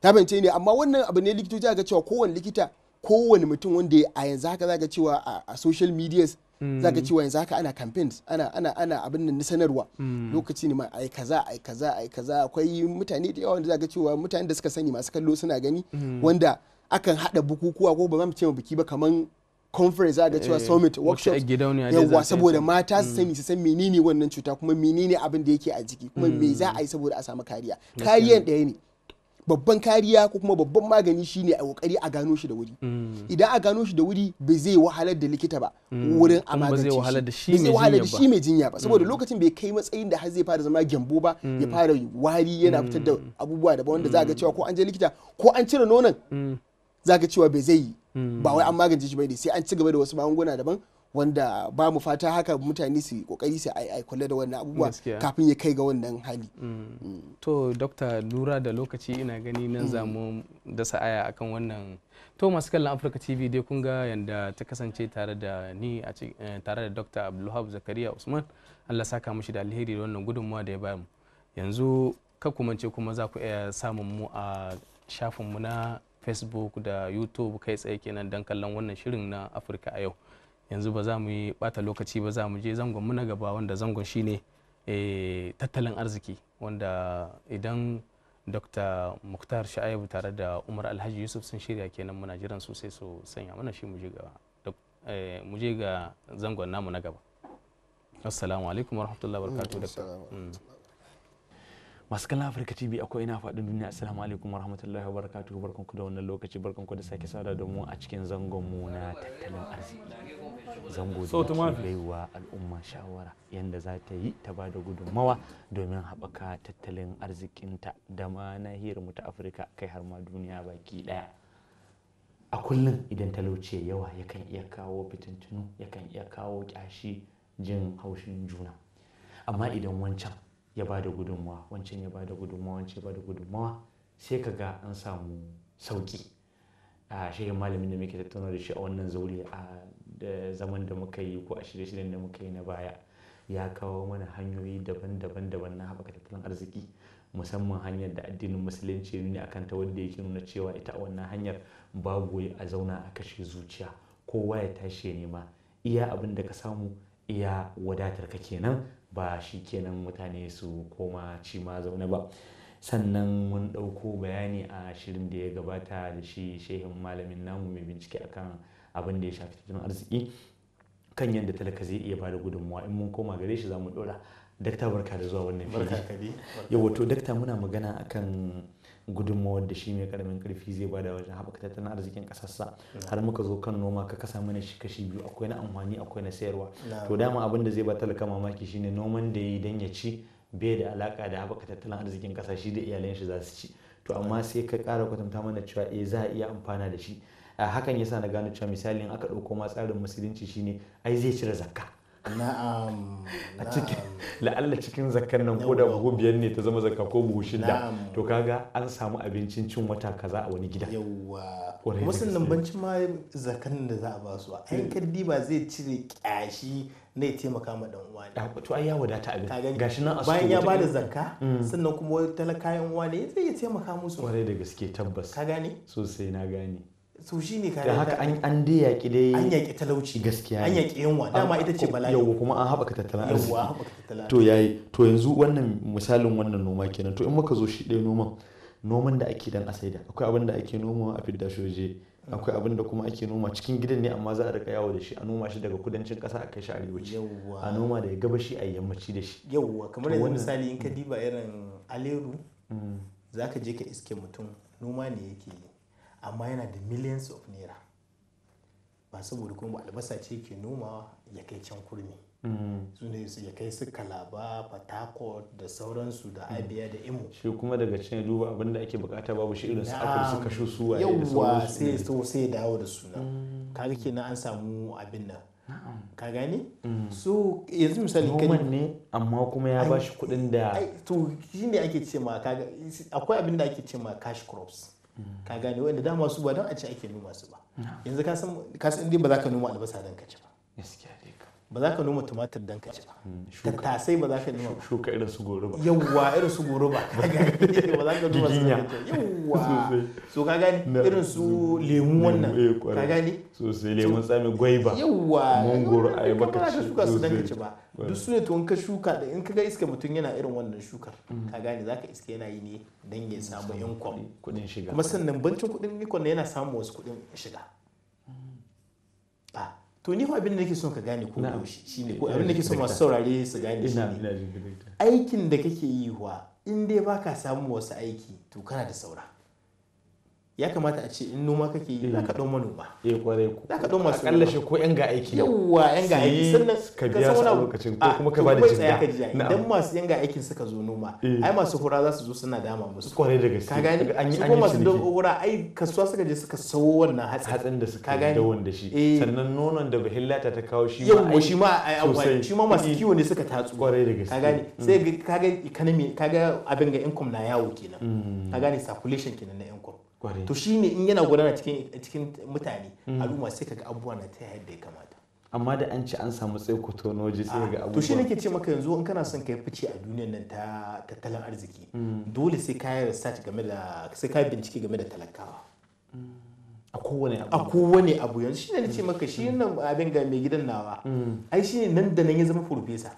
ta fahimce ne amma wannan abu ne likitoci ga cewa kowane likita kowane mutum wanda a yanzu haka zaka cewa a social medias zaka mm. cewa yanzu haka ana campaigns ana ana ana abin nan sanarwa mm. lokaci ne ma ai kaza ai kaza ai kaza akwai mutane da yawa wanda zaka cewa mutane da suka sani masu kallo suna gani mm. wanda akan hada bukukuwa ko ba za mu ce biki ba kaman conference za cewa eh, summit workshop yawa saboda mata su sani su san menene wannan cuta kuma menene abin da yake a jiki kuma me za a yi saboda a samu kariya kariyan ɗaya ne babban kariya ko kuma babban magani shine a kokari a gano shi da wuri mm. idan a gano shi da wuri bai zai wahalar da likita ba mm. wurin a magance shi bai wahalar da shi mai jinya ba saboda mm. lokacin bai kai matsayin da har zai fara zama gyambo ba ya fara wari yana fitar da abubuwa daban wanda za ga cewa ko an je likita ko an cire nonon za ga cewa bai zai yi ba wai an magance shi bai ne sai an ci gaba da wasu magunguna daban wanda ba mu fata haka mutane su kokari su ai kula da wannan abubuwa kafin ya kai ga wannan hali mm. to dokta lura da lokaci ina gani nan zamu mm. da sa'aya akan wannan to masu kallon afirka tv dai kun ga yadda ta kasance tare da ni eh, tare da dr abdulhab zakariya usman allah saka mushi da alheri da wannan gudunmuwa da ya bamu yanzu kumance kuma za ku iya samun mu a shafin mu na facebook da youtube kai tsaye kenan don kallon wannan shirin na afirka a yau yanzu ba za mu yi bata lokaci ba za mu je zangon mu na gaba wanda zangon shine e, eh, tattalin arziki wanda idan dr muktar sha'aibu tare da umar alhaji yusuf sun shirya kenan muna jiran sosai su sanya mana shi eh, mu je ga zangon namu na gaba assalamu alaikum warahmatullahi wabarakatuh masu kallon afirka tv akwai ina faɗin duniya assalamu alaikum warahmatullahi wabarakatuh barkanku da wannan lokaci barkanku da sake sada da mu a cikin zangon mu na tattalin arziki zango da ke baiwa al'umma shawara yadda za ta yi ta ba da gudunmawa domin haɓaka tattalin arzikinta da ma nahiyar mu ta afirka kai har ma duniya baki ɗaya a kullum idan talauci yawa yakan iya kawo fitintunu yakan iya kawo ƙyashi jin haushin juna amma idan wancan ya ba da gudunmawa wancan ya ba da gudunmawa wancan ya ba da gudunmawa sai ka ga an samu sauki a shirin malamin da muke tattauna da shi a wannan zaure a zaman da muka yi ko a shirye-shiryen da muka yi na baya ya kawo mana hanyoyi daban-daban daban na haɓaka tattalin arziki musamman hanyar da addinin musulunci ne akan ta wanda yake nuna cewa ita a wannan hanyar babu a zauna a kashe zuciya kowa ya tashi ya nema iya abin da ka samu iya wadatar ka kenan ba shi kenan mutane su koma ci ma zaune ba sannan mun ɗauko bayani a shirin da ya gabata da shi shehin malamin namu mai bincike akan abin da ya shafi tattalin arziki kan yadda talaka zai iya da gudunmawa in mun koma gare shi za mu ɗora dakta barka da zuwa wannan fili yau wato dakta muna magana akan gudunmawar da shi mai karamin karfi zai bada wajen haɓaka tattalin arzikin ƙasarsa har muka zo kan noma ka kasa mana shi kashi biyu akwai na amfani akwai na sayarwa to dama abin da zai ba talaka mamaki shi ne noman da ya yi don ya ci bai da alaka da haɓaka tattalin arzikin ƙasa shi da iyalan shi za su ci to amma sai ka ƙara kwatanta mana cewa eh za a iya amfana da shi hakan yasa na gano cewa misali in aka ɗauko ma tsarin musulunci shine ai zai cire zakka na'am cikin la'alla cikin zakkan nan ko da buhu biyar ne ta zama zakka ko buhu shida to kaga an samu abincin cin wata kaza a wani gida yawwa musulun bancin ma zakkan da za a ba su ayin kaddi ba zai cire kyashi na ya taimaka ma dan uwa ne ah, to ai ya wadata abin gashi nan a bayan ya bada zakka mm. sannan kuma talakayan uwa ne zai ya taimaka musu kwarai da gaske tabbas ka gane sosai na gane so shi ne kare haka an da yaƙi dai an yaki talauci gaskiya an yaki yunwa dama ita ce bala'i yawwa kuma an haɓaka tattalin arziki to yayi to yanzu wannan misalin wannan noma kenan to in muka zo shi ɗaya noman noman da ake dan a saida akwai abin da ake noma a fidda shoje mm. akwai abin da kuma ake noma cikin gidan ne amma za a rika yawo da shi a noma shi daga kudancin kasa a kai shi arewaci a noma daga gabashi a yammaci da shi yawwa kamar yanzu misali in ka diba irin aleru mm. za ka je ka iske mutum noma ne yake yi amma yana da millions of naira ba saboda kuma albasa ce ke noma ya kai can kurmi mm. su ne su ya kai su kalaba fatakot da sauransu da mm. abiya da imo shi kuma daga can ya duba abinda ake bukata babu shi irin su apple su kashu su waye da sauransu yawwa sai mm. dawo da suna kaga kenan an samu abin nan ka gani so yanzu misali noman ne amma kuma ya bashi kuɗin da to shine ake ce ma akwai abin da ake ce ma cash crops ka gane wanda dama su ba don a ci ake noma su ba yanzu ka san ka san ba za ka noma albasa don ka ci ba ba za ka noma tumatir don ka ci ba hmm, tattasai ba za ka noma shuka irin su ba yawwa irin su goro ka ba za ka noma su yawwa so ka gane irin su lemu wannan eh, ka gane sosai lemun tsami gwaiba yawwa mangoro ayi ka ci ba duk su ne tuwon ka shuka da in kaga iska mutum yana irin wannan shukar mm. ka gane zaka iska yana yi ne don ya samu yankon kudin shiga kuma sannan bancin kudin yankon yana samu wasu kudin shiga mm. ah, to ni abin da nake son ka gane ko yaushe shine ko abin da nake son masu saurare su gane shine aikin da kake yi wa in dai baka samu wasu aiki to kana da saura ya kamata a ce in noma kake yi za ka manoma eh kwarai ku za ka masu akalla shi ko yan ga aiki yawa yan ga aiki sannan ka biya su a lokacin ko kuma ka bada jinga idan masu yan ga aikin suka zo noma eh. ai masu hura za su zo suna dama musu kwarai da gaske ka gani an yi an yi masu hura ai kasuwa suka je suka sawo wannan hatsin hatsin da suka yi da wanda shi eh. sannan nonon da bahillata ta kawo shi ma shi ma ai amfani shi ma masu eh. kiwo ne suka tatsu kwarai da gaske mm. ka gani sai ka ga economy ka ga abin ga income na yawo kenan mm. ka gani circulation kenan na income to shi ne in yana gudana cikin mutane mm. al'umma sai kaga abubuwa na ta yadda ya kamata amma da an ci an samu tsaiko ji sai ga ah, abubuwa to shi nake ce maka yanzu in kana son kai fice a duniyar nan ta tattalin arziki mm. dole sai ka yi research game da sai ka bincike game da talakawa mm. a kowane abu a kowane abu yanzu shi ne ce maka shi nan abin ga mai gidan nawa ai shi ne nan da nan ya zama farfesa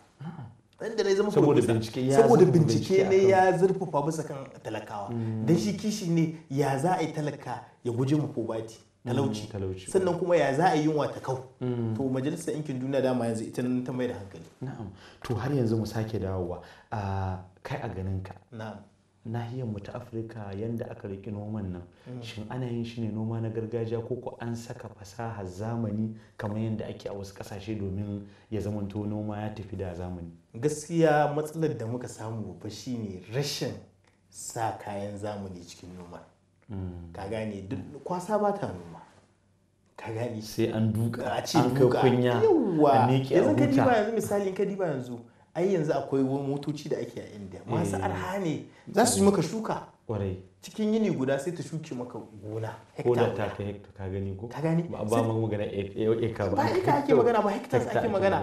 dan da zama saboda bincike ya saboda bincike ne ya zurfafa bisa kan talakawa mm. dan shi kishi ne ya za a yi talaka ya guje mu pobati mm, talauci sannan kuma ya za a yi yunwa ta kau mm. to majalisar ɗinkin duniya dama yanzu ita nan ta mai da hankali na'am to har yanzu mu sake dawowa a ah, kai a ganin ka na'am nahiyar mu ta afirka yadda aka riƙi noman nan shin ana yin shi ne noma na gargajiya ko ko an saka fasahar zamani kamar yadda ake a wasu kasashe domin ya zamanto noma ya tafi da zamani gaskiya matsalar da muka samu ba shine rashin sa kayan zamani cikin noma hmm. ka gane kwasa ba ta noma ka gane sai an duka a ce duka kunya yawa yanzu ka diba yanzu misali in ka diba yanzu ai yanzu akwai motoci da ake a india masu eh. arha ne za su yi maka shuka kwarai cikin yini guda sai ta shuke maka gona hekta ta kai hekta ka gani ko ka gani ba ba mu magana e, e, e, eka ba ba eka ake magana ba hectares ake magana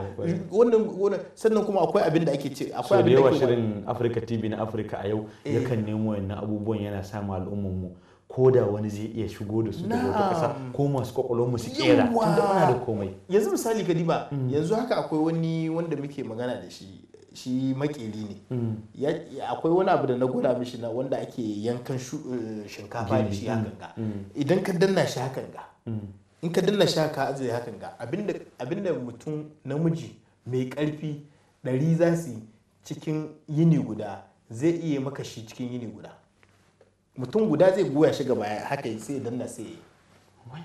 wannan gona sannan kuma akwai abin da ake ce akwai abin da yawa shirin Africa TV na Africa a yau eh. yakan nemo wannan abubuwan yana sa mu al'umman mu ko da wani zai iya shigo da su daga wata ƙasa ko masu kwakwalwar mu su kera tunda muna da komai yanzu misali ka diba mm. yanzu haka akwai wani wanda muke magana da shi shi makili ne hmm. akwai wani abu da na gwada mishi na wanda ake yankan eh, shinkafa da shi hakan ga hmm. Hmm. idan ka danna shi hakan ga in ka danna shi haka zai hakan ga abinda mutum namiji mai karfi ɗari za su cikin yini guda zai iya maka shi cikin yini guda mutum guda zai goya shi gaba haka sai ya danna sai ya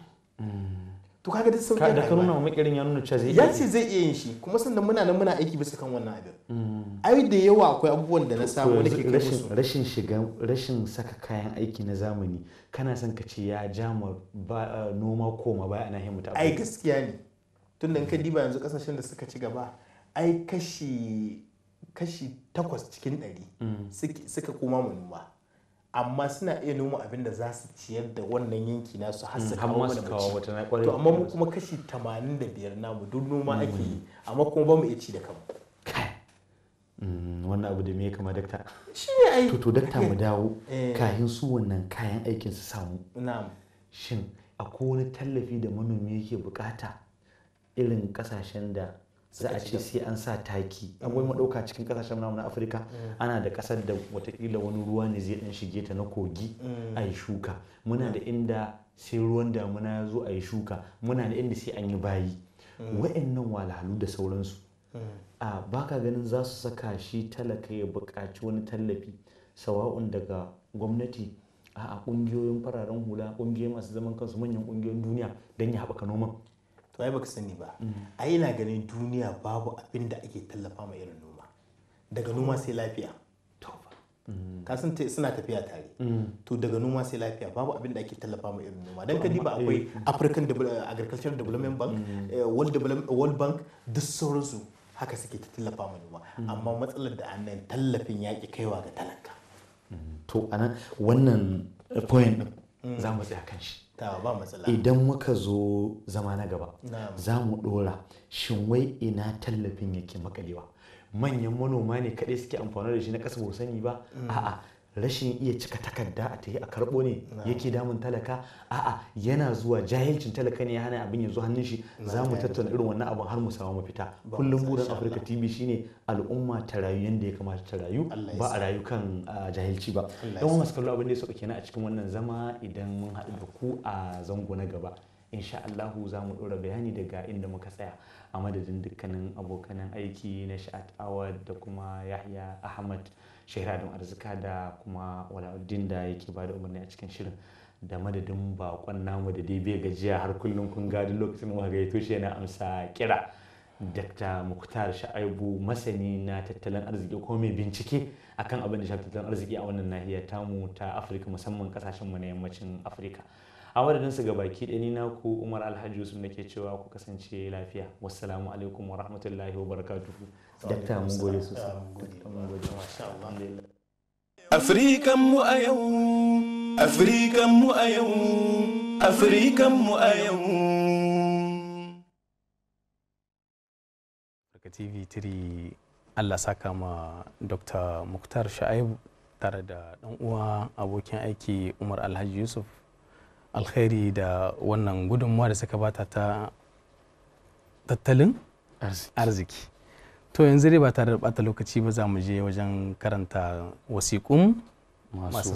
to kaga duk sauki da nuna makirin ya nuna cewa zai ya ce zai iya yin shi kuma sannan muna nan muna aiki bisa kan wannan abin mm. ai da yawa akwai abubuwan da na samu da ke rashin rashin shiga rashin saka kayan aiki na zamani kana son ka ce ya jama noma koma ba ana himmata ai gaskiya ne tun da ka diba yanzu kasashen da suka ci gaba ai kashi kashi takwas cikin ɗari mm. suka koma mu noma amma suna iya noma abin da za su ciyar da wannan yanki nasu har su mm, kawo wani mace to amma mu kuma kashi 85 namu duk noma mm. ake yi amma kuma ba mu iya ci da kanmu mm, wannan abu da me kama dakta shi ne ai to to dakta mu dawo eh. kayan su wannan kayan aikin su samu na'am shin akwai wani tallafi da manomi yake bukata irin kasashen da za a ce sai an sa taki an wai madauka cikin ƙasashen namu na afirka mm. ana da ƙasar da watakila wani ruwa ne zai ɗan shige ta na kogi mm. a yi shuka muna da inda sai ruwan damuna ya zo a yi shuka muna da inda sai an yi bayi mm. wa'annan walhalu da sauransu a baka ganin za su saka shi talaka ya buƙaci wani tallafi sawa'un daga gwamnati a ƙungiyoyin fararen hula ƙungiyoyi masu zaman kansu manyan ƙungiyoyin duniya don ya haɓaka noman to ai baka sani ba ai ina ganin duniya babu abin da ake tallafa ma irin noma daga noma sai lafiya ka san suna tafiya tare to daga noma sai lafiya babu abin da ake tallafa ma irin noma dan kadi ba eh. akwai African eh, Agricultural Development Bank mm. eh, World Bank duk sauransu haka suke ta tallafa ma noma mm. amma matsalar da annan tallafin yaƙi kaiwa ga talaka mm. to anan wannan point za mu tsaya kan shi idan muka zo zama na gaba za mu dora shin wai ina tallafin yake makalewa manyan manoma ne kaɗai suke amfani da shi na ƙasa ba sani ba mm. a'a rashin iya cika takarda a tafi a karɓo ne yake damun talaka a'a yana zuwa jahilcin talaka ne ya hana abin ya zo hannun shi za mu tattauna irin wannan abin har mu samu mafita kullum burin afirka tv shine al'umma ta rayu yadda ya kamata ta rayu ba a rayu kan jahilci ba wani masu kallo abin da ya sauke a cikin wannan zama idan mun haɗu da ku a zango na gaba insha Allahu za mu ɗora bayani daga inda muka tsaya a madadin dukkanin abokanan aiki na sha'at awad da kuma yahya ahmad shahira arzika da kuma wala'uddin da yake ba da umarni a cikin shirin da madadin bakon namu da dai bai gajiya har kullum kun gadi lokacin ga yato shi yana amsa kira Dr. Muktar Sha'aibu masani na tattalin arziki ko mai bincike akan abin da shafi tattalin arziki a wannan nahiyar tamu ta Afirka musamman kasashen mu na yammacin Afirka. A madadin su baki ɗani na ku Umar Alhaji Yusuf nake cewa ku kasance lafiya. Wassalamu alaikum wa rahmatullahi wa barakatuhu. dakta mun gode sosai afirikan mu a yau afirikan mu a yau afirikan mu a yau Daga tv 3 allah saka ma dr Mukhtar sha'ib tare da dan uwa abokin aiki umar alhaji yusuf alkhairi da wannan gudunmuwa da suka bata ta tattalin arziki to yanzu dai ba tare da bata lokaci ba za mu je wajen karanta wasiƙun masu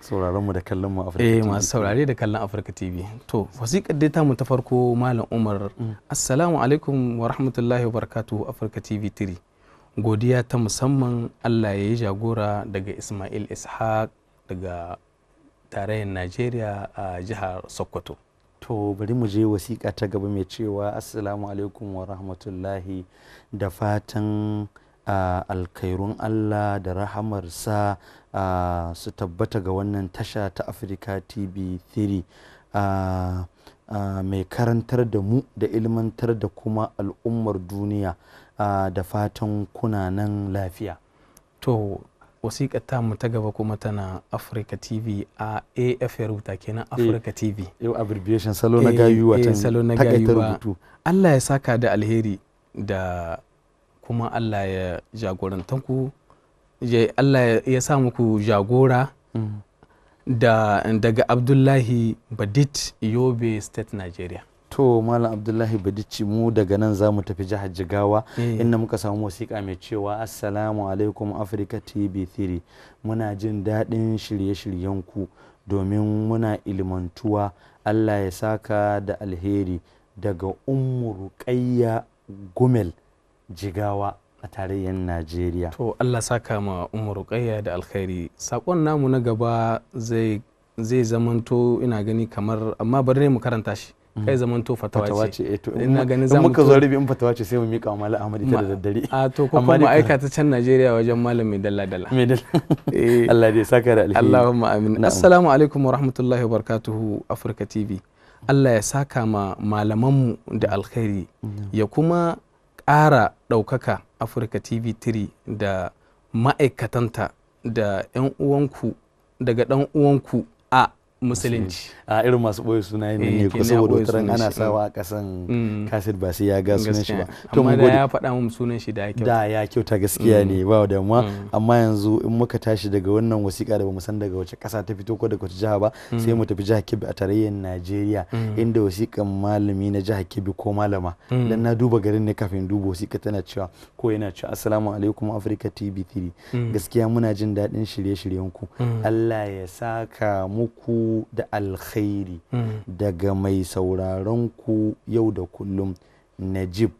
sauraron mu da kallon mu Afirka TV. Eh masu saurare da kallon Afirka TV. To wasiƙar dai ta mu ta farko Malam Umar. Mm. Assalamu alaikum wa rahmatullahi wa barakatuhu Afirka TV 3. Godiya ta musamman Allah ya yi jagora daga Ismail Ishaq daga tarayyar Najeriya a jihar Sokoto. to bari mu je wasiƙa ta gaba mai cewa assalamu alaikum wa rahmatullahi da fatan alkairun allah da rahamarsa su tabbata ga wannan tasha ta afirka tv 3 mai karantar da mu da ilmantar da kuma al'ummar duniya da fatan kuna nan lafiya to wasiƙa ta mu ta gaba kuma tana Africa TV a AF ya rubuta kenan eh. Africa TV. Yau abbreviation salo na eh, gayu watan eh, salo na gayu Allah ya saka da alheri da kuma Allah ya jagorantan ku Allah ya sa muku jagora mm. da daga Abdullahi Badit Yobe State Nigeria. to malam abdullahi badici mu daga nan za mu tafi jihar jigawa eh. inda muka samu wasiƙa mai cewa assalamu alaikum africa tv 3 muna jin daɗin shirye shiryenku. domin muna ilmantuwa allah ya saka da alheri daga ummu ƙayya gumel jigawa a tarayyar najeriya to allah saka ma ummu ƙayya da alheri. saƙon namu na gaba zai zamanto ina gani kamar amma bari ne mu karanta shi Mhm. kai zaman to fatawa ce eh, ina ganin zamu muka zo rabi in fatawa ce sai mu mika mala ahmad ita da daddare a to ko kuma aika ta can Najeriya wajen mallam mai dalla dalla mai dalla Allah dai saka da alheri Allahumma amin assalamu alaikum wa rahmatullahi wa barakatuhu Africa TV Allah ya saka ma malamanmu da alkhairi ya kuma ƙara ɗaukaka Africa TV 3 da ma'aikatanta da 'yan uwanku daga ɗan uwanku a musulunci a irin masu boye suna yin ne eh, ko saboda wata ana sawa a kasan mm. kasir mm. ba sai ya ga sunan shi ba to amma da ya faɗa mun sunan shi da ya kyauta da ya kyauta gaskiya ne mm. ba da amma amma yanzu in muka tashi daga wannan wasiƙa da bamu san daga wace ƙasa ta fito ko daga wace jiha ba sai mu tafi jihar Kebbi a tarayyar Najeriya inda wasiƙan malami na jihar Kebbi ko malama dan na duba garin ne kafin duba wasiƙa tana cewa ko yana cewa assalamu alaikum Africa TV3 gaskiya muna jin daɗin shirye-shiryen ku Allah ya saka muku da alkhairi alkhairi mm. daga mai sauraron ku yau da kullum najib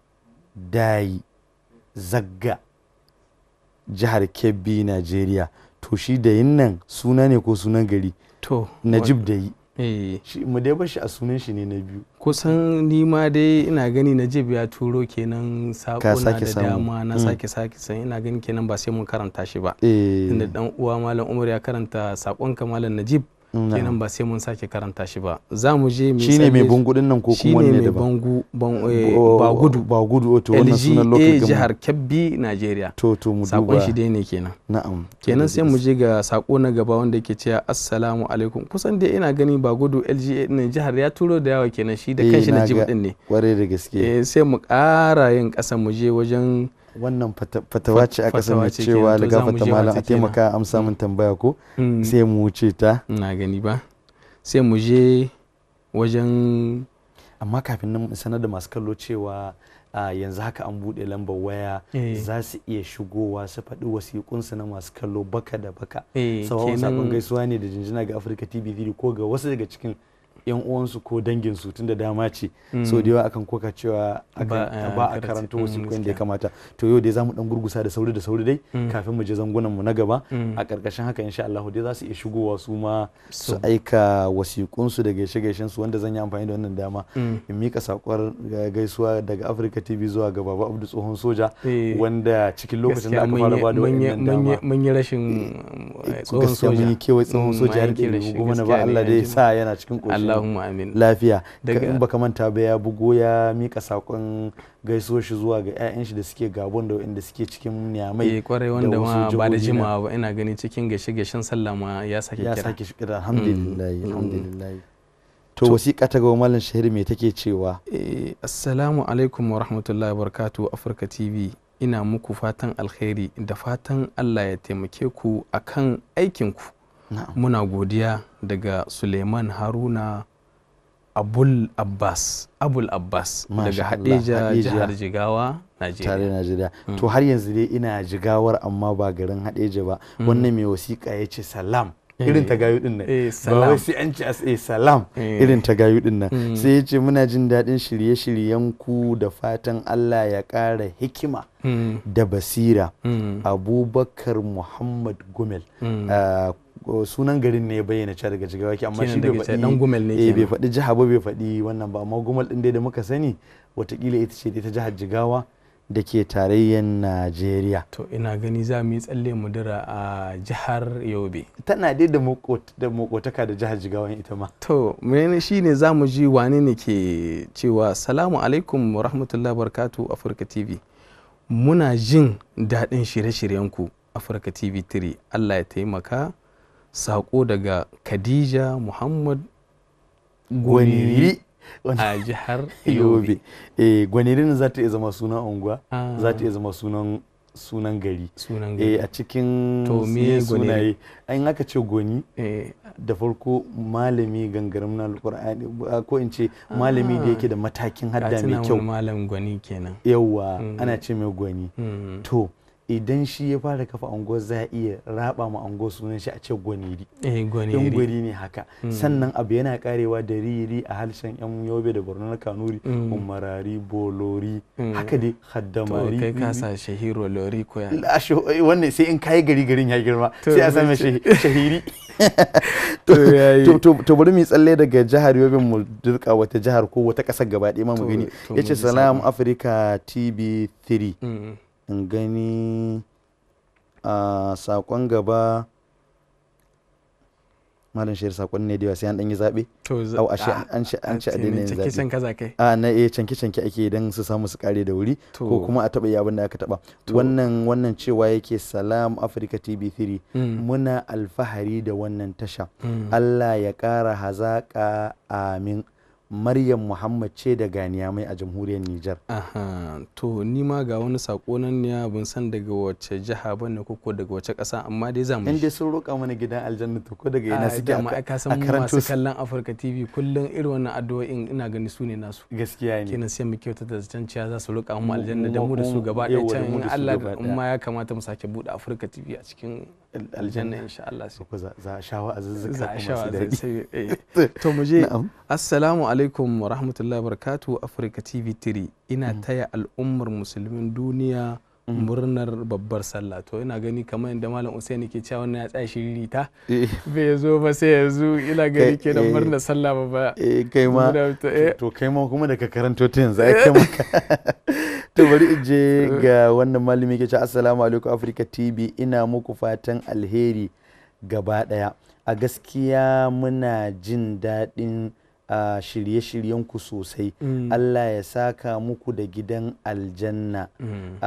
dayi zagga jihar kebbi nigeria to shi da yin nan suna ne ko sunan gari to najib da yi eh. mu dai bashi a sunan shi ne na biyu kusan ni ma dai ina gani najib ya turo kenan na da dama na mm. sake sake san ina gani kenan ba sai mun karanta shi ba eh. inda dan uwa malam umar ya karanta sakonka malam najib kenan ba sai mun sake karanta shi ba za mu je mai shine mai bangudin nan ko kuma wanne da ba eh, ba gudu ba gudu wato oh, wannan sunan lokacin jihar Kebbi Najeriya to to mu duba sakon shi dai ne kenan na'am kenan sai mu je ga sako na gaba wanda yake cewa assalamu alaikum kusan dai ina gani ba gudu LGA din jihar ya turo da yawa kenan shi da eh, kanshi na jibi din ne kware da gaske eh, sai mu ƙara yin ƙasa mu je wajen wannan fatawa ce a mai cewa fata malam a taimaka amsa min mm. tambaya ko mm. sai mu wuce ta na gani ba sai mu je wajen amma kafin nan sanar da masu kallo cewa a yanzu haka an buɗe lambar waya eh. za su iya shigowa su faɗi wasiƙunsu na masu kallo baka da baka eh, sawa abin gaisuwa ne da jinjina ga afirka tv ko ga wasu daga cikin yan uwansu ko dangin su da dama ce mm. so da yawa akan koka cewa eh, ba a karanto wasu mm, kuɗin da ya kamata to yau dai zamu dan gurgusa da sauri da sauri dai mm. kafin mu je zangunan mu na gaba a karkashin haka insha Allah dai za su iya shigowa su ma su aika wasiƙun su da gaishe-gaishen su wanda zan yi amfani da wannan dama in mika sakwar gaisuwa daga Africa TV zuwa ga Baba Abdu tsohon soja eh, wanda cikin lokacin da aka fara ba da wannan dama mun yi rashin eh, tsohon soja mun yi kewaye tsohon soja har ke goma na ba Allah dai sa yana cikin koshin Allahumma amin lafiya daga in baka manta ba ya bugo ya mika sakon gaiso shi zuwa ga 'ya'yan shi da suke gabon da wanda suke cikin niyamai eh kwarai wanda ma ba da jimawa ba ina gani cikin gashi gashin sallah ma ya sake kira ya sake kira mm. alhamdulillah mm. alhamdulillah to wasiƙa ta gaba mallam shahir me take cewa eh, assalamu alaikum wa rahmatullahi wa barakatuh africa tv ina muku fatan alkhairi da fatan Allah ya taimake ku akan aikin ku muna godiya daga suleiman haruna abul abbas abul abbas daga hadeja jihar jigawa najeriya mm. to har yanzu dai ina jigawar amma ba garin hadeja ba mm. wannan mai wasiƙa ya ce salam eh. irin ta gayu din nan eh, ba wai an ce eh, salam irin ta gayu din nan mm. sai ya ce muna jin daɗin shirye-shiryen ku da fatan Allah ya ƙara hikima da basira abubakar muhammad gumel ah, sunan garin ne ya bayyana cewa daga cikin waki amma shi bai faɗi dan gumel ne eh, bai faɗi jiha ba bai faɗi wannan ba amma gumel din dai da muka sani watakila ita ce ta jihar jigawa da ke tarayyar najeriya to ina gani za mu yi tsalle mu dira a jihar yobe tana dai da makotaka da jihar jigawa ita ma to menene shine za mu ji wane ne ke cewa salamu alaikum wa rahmatullahi barakatu afirka tv muna jin daɗin shirye-shiryenku afirka tv 3 allah ya taimaka saƙo daga khadija muhammad gwaniri a jihar yobe eh, gwanirin za ta iya zama sunan unguwa ah. za ta iya zama sunan sunan gari eh, a cikin sunaye an aka ce goni eh. da farko malami gangarin na alkur'ani ko in ce ah. malami da yake da matakin hadda mai kyau malam gwani kenan yawa mm. ana ce mai gwani mm. to idan shi ya fara kafa ango za a iya raba ma ango sunan shi a ce gwaniri in eh, gwari ne haka hmm. sannan abu yana karewa da riri a harshen yan yobe da borno na kanuri hmm. umarari bolori hmm. haka dai haddamari to kai kasa shahiro lori ko ya eh, wannan sai in kai gari garin ya girma sai a same shahiri to bari mu tsalle daga jihar yobe mu dirka wata jihar ko wata kasar gaba ɗaya ma mu gani yace salam afrika tv 3 in gani a sakon gaba malam shirin sakon ne da sai an yi zaɓe au ashe an ce an ce a daina yin zaɓe a na eh canke canke ake idan su samu su kare da wuri ko kuma a taɓa yi abin da aka taɓa wannan wannan cewa yake salam africa tv 3 mm. muna alfahari da wannan tasha mm. allah ya ƙara hazaƙa amin maryam muhammad ce da ganiya mai a jamhuriyar nijar aha to ni ma ga wani sako nan ne ban san daga wace jiha ba ne ko daga wace ƙasa amma dai za mu inda sun roƙa mana gidan aljanna to ko daga ina suke a kasan masu kallon afirka tv kullum irin wannan addu'o'in ina gani su ne nasu gaskiya ne kenan sai mu kyauta da zanciya za su roƙa mu aljanna da mu da su gaba ɗaya can Allah amma ya kamata mu sake buɗe afirka tv a cikin aljanna insha Allah sai za a shawa azuzzuka za a shawa eh. to mu je assalamu alaikum wa rahmatullahi barakatuhu africa tv 3 ina mm. taya al'ummar musulmin duniya mm. murnar babbar sallah to ina gani kamar yadda malam usaini ke cewa wannan ya tsaya shiriri ta eh. bai zo ba sai yanzu ina gani ke da eh. murnar sallah ba ba kai ma to kai ma kuma daga karanto ta yanzu ai kai maka to bari in je eh. ga wannan malami ke ce assalamu alaikum africa tv ina muku fatan alheri gaba daya a gaskiya muna jin daɗin shirye shiryen ku sosai mm. Allah ya saka muku da gidan aljanna mm.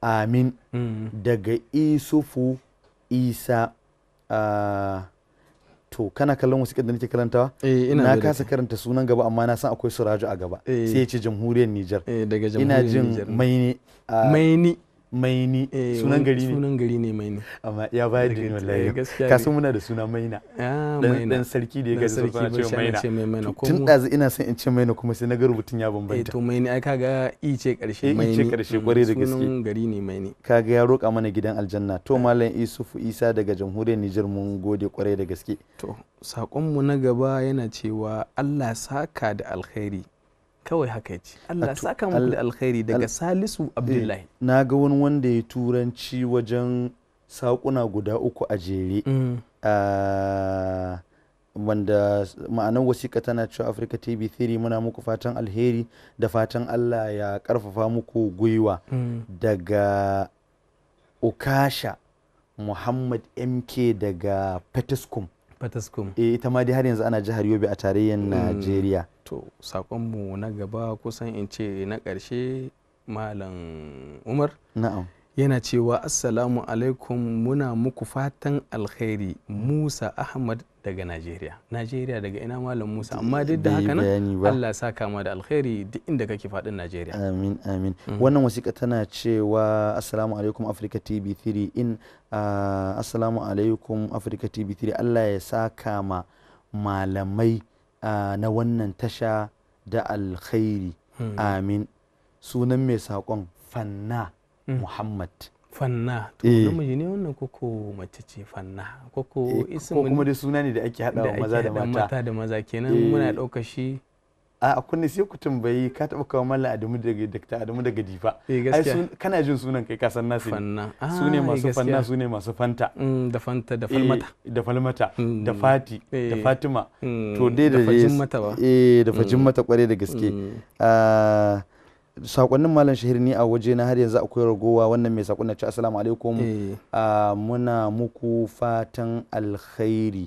amin mm. daga isufu isa to kana kallon wasu da nake karantawa eh, na kasa karanta sunan gaba amma na san akwai suraju a gaba eh. sai ya ce jamhuriyar Nijar eh, ina jin maini ah, maini eh, sunan gari ne sunan gari ne maini amma ya bayar da ni wallahi ka san muna da suna ah, maina dan sarki da ya gaza ba ce maina tun dazu ina son in ce maina kuma sai na ga rubutun ya eh, bambanta eh to maini ai kaga i ce karshe maini eh, i ce karshe kware da mm, gaske sunan gari ne maini kaga ya roƙa mana gidan aljanna to mallam isufu isa daga jamhuriyar Nijar mun gode kware da gaske to sakon mu na gaba yana cewa Allah saka da alkhairi kawai haka ce Allah saka ka alkhairi daga Salisu eh, Abdullahi na ga wani wanda ya turanci wajen sakuna guda uku a jere mm. ah, wanda ma'anar wasiƙa tana cewa Africa TV 3 muna muku fatan alheri da fatan Allah ya karfafa muku gwiwa mm. daga Ukasha Muhammad MK daga Petiskum. Petiskum. E, ita ma dai har yanzu ana jihar Yobe a tarayyar mm. Najeriya. to saƙonmu na gaba kusan in ce na ƙarshe malam umar na'am yana cewa assalamu alaikum muna muku fatan alkhairi musa ahmad daga najeriya najeriya daga ina malam musa amma duk da haka nan allah sa kama da alkhairi duk inda kake faɗin najeriya amin amin mm. wannan wasiƙa tana cewa assalamu alaikum africa tv 3 in ah, assalamu alaikum africa tv 3 allah ya sa kama malamai na wannan tasha da alkhairi hmm. amin sunan mai saƙon fanna hmm. muhammad fanna to eh. namiji ne wannan koko mace ce fanna koko eh, kuma da suna ne da ake haɗa maza da mata da maza kenan muna eh. ɗaukar shi a kunne sai ku tambayi ka taba kawo mallam Adamu daga dakta Adamu daga Difa eh, ai kana jin sunan kai kasan nasu fanna su ne masu fanna su ne masu fanta mm, da fanta da eh, falmata da falmata da mm. fati da eh. fatima mm. to dai da fajin mata ba eh da fajin mata kware da gaske sakonnin malam shahir ni a waje na har yanzu akwai ragowa wannan mai sakon ci assalamu alaikum muna muku fatan alkhairi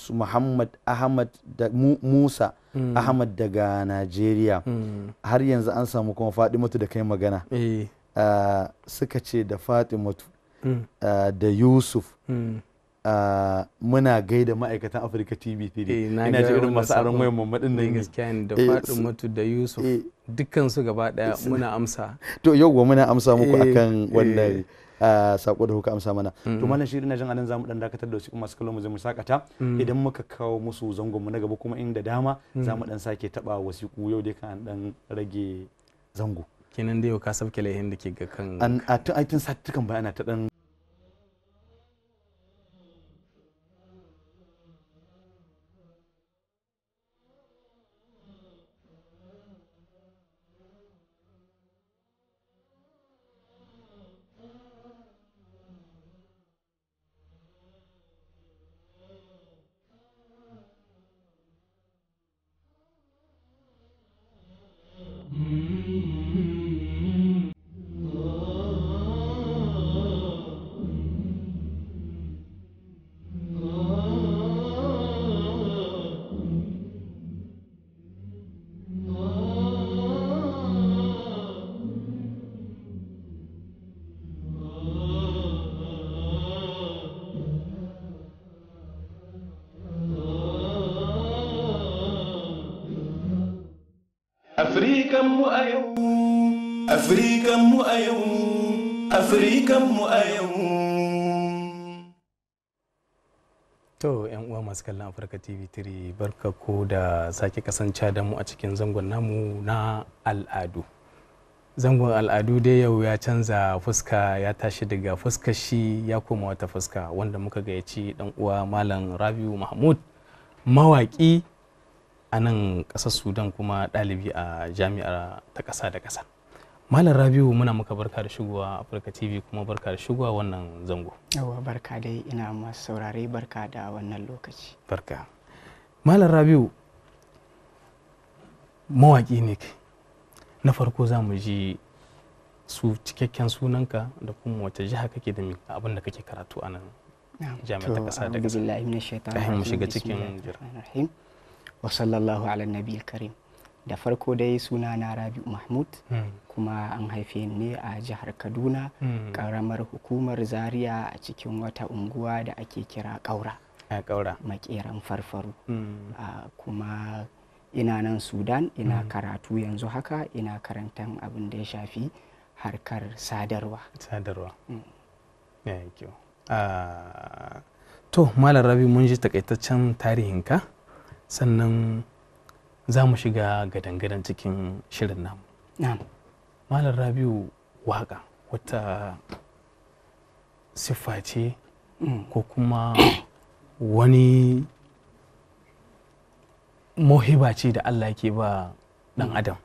su muhammad ahmad da musa mm. ahmad daga najeriya mm. har yanzu an samu kuma fatimatu da kai magana eh. ah, suka ce da fatimatu mm. ah, da yusuf Uh, muna gaida ma'aikatan afirka tv 3 eh, ina ji irin masu aron mai mamadin nan eh, ne da faɗin da yusuf dukkan su gaba daya muna amsa to yau muna amsa muku akan wannan sako da kuka amsa mana to malam mm. shi na jin anan zamu dan dakatar da wasu masu kallon mu zai mu sakata mm. idan muka kawo musu zangon mu na gaba kuma inda dama mm. zamu dan sake taba wasiku yau dai kan dan rage zango kenan dai ka sabke lahin da ke ga kan a tun sattukan bayana ta dan masu kallon Afirka TV3 barka ko da sake kasance da mu a cikin zangon namu na al'adu. Zangon al'adu dai yau ya canza fuska ya tashi daga fuska shi ya koma wata fuska wanda muka ci dan uwa Malam Rabiu Mahmud mawaki a nan ƙasar Sudan kuma dalibi a jami'ar ta kasa da kasa. Malam Rabiu muna muka barka da shigowa Afirka TV kuma barka da shigowa wannan zango. Yawa barka dai ina masu saurare barka da wannan lokaci. Barka. Malam Rabiu mawaƙi ne na farko za mu ji su cikakken sunanka da kuma wace jiha kake da abin da kake karatu a nan jami'ar kasa da kasa. To, shiga cikin jira. Wa sallallahu ala nabi karim. da farko dai suna na rabi'u mahmud hmm. kuma an haife ni a jihar kaduna karamar hmm. hukumar zaria a cikin wata unguwa da ake kira kaura makeran farfaro hmm. kuma ina nan sudan ina karatu yanzu haka ina karantan abin da ya shafi harkar sadarwa sadarwa to malam rabi mun ji takaitaccen tarihinka sannan za mu shiga gadangadan cikin shirin namu malam rabiu waƙa wata siffa ce mm. ko kuma wani mohiba ce da allah ke ba ɗan adam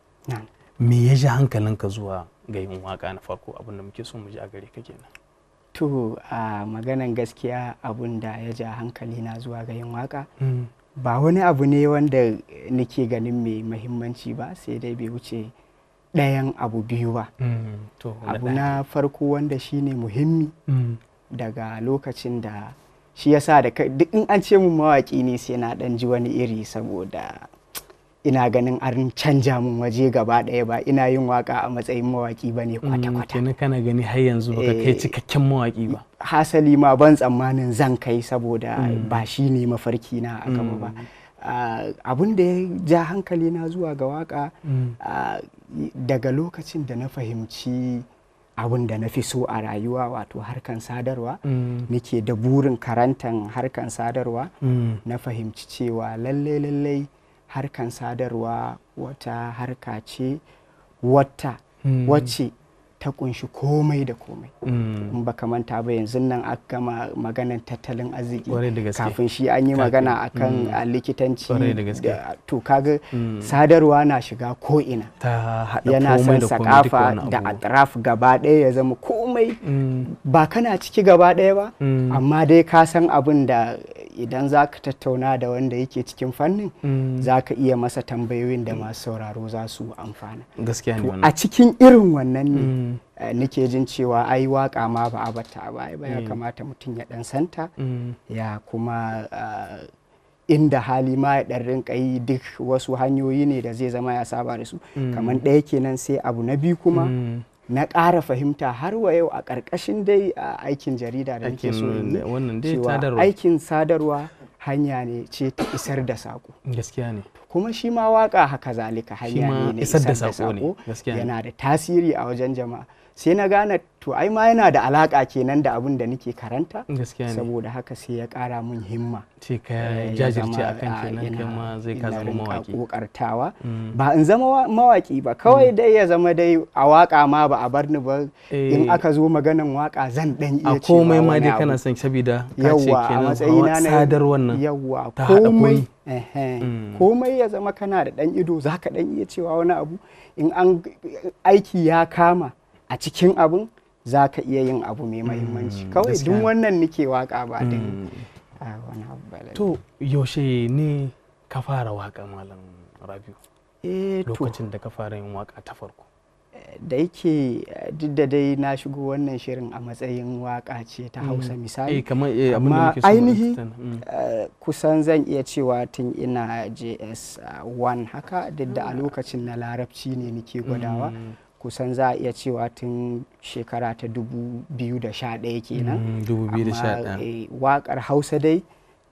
me ya ji hankalinka zuwa ga yin waka na farko abinda muke so mu ji a gare ka kenan to a maganan gaskiya abun da ya ja hankali na zuwa ga yin waka mm. ba wani abu ne wanda nake ganin mai mahimmanci ba sai dai bai wuce ɗayan abu biyu ba mm, abu na farko wanda shine muhimmi mm. daga lokacin da shi yasa da duk in an ce mun mawaƙi ne sai na ɗan ji wani iri saboda ina ganin an canja mun waje gaba ɗaya ba ina yin waka a matsayin mawaki ba ne mm, kwata-kwata. kana gani har yanzu baka kai eh. cikakken mawaki ba. hasali ma ban tsammanin zan kai saboda mm. ba shi ne mafarki na a gaba ba mm. ah, abin da ya ja hankali na zuwa ga waka mm. ah, daga lokacin da na fahimci abin da na fi so a rayuwa wato harkan sadarwa nake da burin karantan harkan sadarwa na fahimci cewa lallai lallai harkan sadarwa wata harka ce wata wacce ta kunshi komai da komai mm. in ba manta ba yanzu nan aka gama maganan tattalin arziki kafin shi an yi magana akan mm. likitanci to kaga mm. sadarwa na shiga ko'ina yana son sakafa da atraf gaba ɗaya ya zama komai ba kana ciki gaba ɗaya ba amma dai ka san abin da idan za ka tattauna da wanda yake cikin fannin za ka iya masa tambayoyin da masu sauraro za su amfana a cikin irin wannan ne Eh, nake jin cewa ai waka ma ba a bata ba ya mm. kamata mutum ya dan santa mm. ya kuma eh, inda hali ma ya dan rinka yi duk wasu hanyoyi ne da zai zama ya saba da su mm. kamar ɗaya kenan sai abu na biyu kuma na ƙara fahimta har wa yau a ƙarƙashin dai aikin jarida da nake so in cewa aikin sadarwa hanya ne ce ta isar da saƙo gaskiya ne kuma shi ma waka haka zalika hanya ne isar da sako yana da tasiri a wajen jama'a sai na gane to ai ma yana da alaka kenan da abin da nake karanta saboda haka sai ya kara min himma ce ka eh, jajirce akan kenan kuma ma zai ka zama mawaki kokartawa mm. ba in zama mawaki ba kawai mm. dai ya zama dai a waka ma ba a bar ni ba in eh. aka zo maganan waka zan dan iya cewa a komai ma dai kana son saboda ka ce kenan sadar wannan yawa komai mm. komai ya zama kana da dan ido zaka dan iya cewa wani abu in an aiki ya kama a cikin abin za ka iya yin abu mai mm, mahimmanci kawai duk wannan nike waka ba din mm. ah, to yaushe ne ka fara waka malam rabiu eh, lokacin da ka fara yin waka ta farko eh, da yake eh, duk da dai na shigo wannan shirin a matsayin waka ce ta mm. hausa misali amma ainihi kusan zan iya cewa tun ina js 1 haka duk da a ah. lokacin na larabci ne nake gwadawa kusan za a iya cewa tun shekara ta 2011 kenan mm, amma eh, Waƙar hausa dai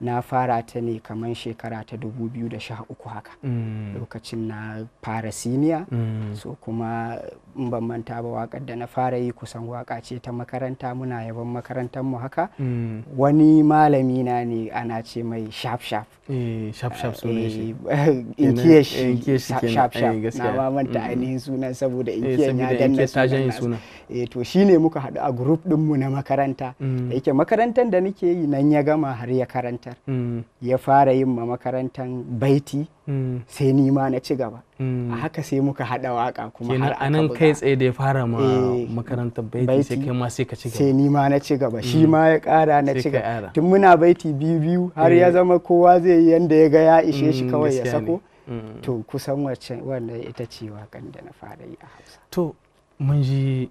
na fara ta ne kamar shekara ta 2013 haka mm. lokacin na fara siniya mm. so kuma in ban manta ba wakar da na fara yi kusan waka ce ta makaranta muna yaban makarantar mu haka mm. wani malami na ne ana ce mai sharp sharp eh, shaf shaf sunan eh, shi inkiya shi eh, shaf na ba manta ainihin sunan saboda inke ya danna sunan eh to shine muka haɗu a group din mu na makaranta mm. da yake makarantar da nake yi nan ya gama har ya karantar mm. ya fara yin ma makarantar baiti Mm. sai ni ma na ci gaba mm. a haka sai muka haɗa waka kuma har aka buga anan kai tsaye da ya fara ma eh, makarantar baiti sai kai ma sai ka ci gaba sai ni ma na ci gaba shi mm. ma ya kara na ci gaba tun muna baiti biyu biyu har ya eh. zama kowa zai yi yanda ya ga ya ishe shi kawai ya sako to kusan wacce wannan ita ce wakan da na fara yi a Hausa to mun ji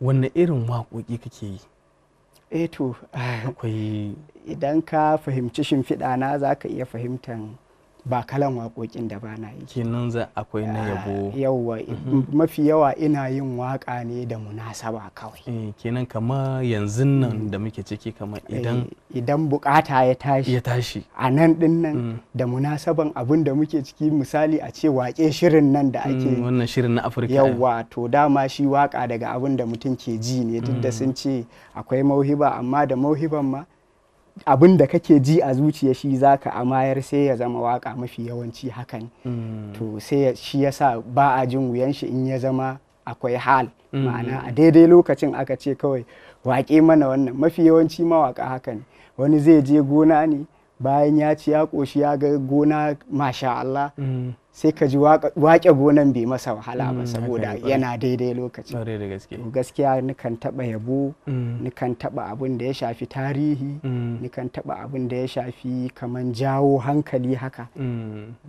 wanne irin waƙoƙi kake yi eh to akwai idan ka fahimci shimfiɗa na zaka iya fahimtan ba kalan waƙoƙin da ba na yi kenan za akwai na ah, yabo yawa mhm. mafi yawa ina yin waƙa ne da munasaba kawai eh, kenan kama yanzu nan mm. da muke ciki kama idan eh, idan bukata ya tashi ya tashi a nan din nan mm. da munasaban abin da muke ciki misali a ce waƙe shirin nan da ake mm, wannan shirin na afirka yawa to dama shi waƙa daga abin da mutum ke ji ne duk da sun ce akwai mauhiba amma da mauhiban ma abin da kake ji a zuciya shi za ka amayar sai ya zama waka mafi yawanci hakan mm. to sai shi ya sa ba a jin wuyan shi in ya zama akwai hal mm. ma'ana a daidai lokacin aka ce kawai waƙe mana wannan mafi yawanci mawaka hakan wani zai je gona ne bayan ya ci ya ƙoshi ya ga gona masha Allah mm. sai ka ji wake gonan bai masa wahala ba mm, saboda yana daidai lokaci gaskiya nukan taba yabo mm. nukan taba abin da ya shafi tarihi mm. nukan taba abin da ya shafi kaman jawo hankali haka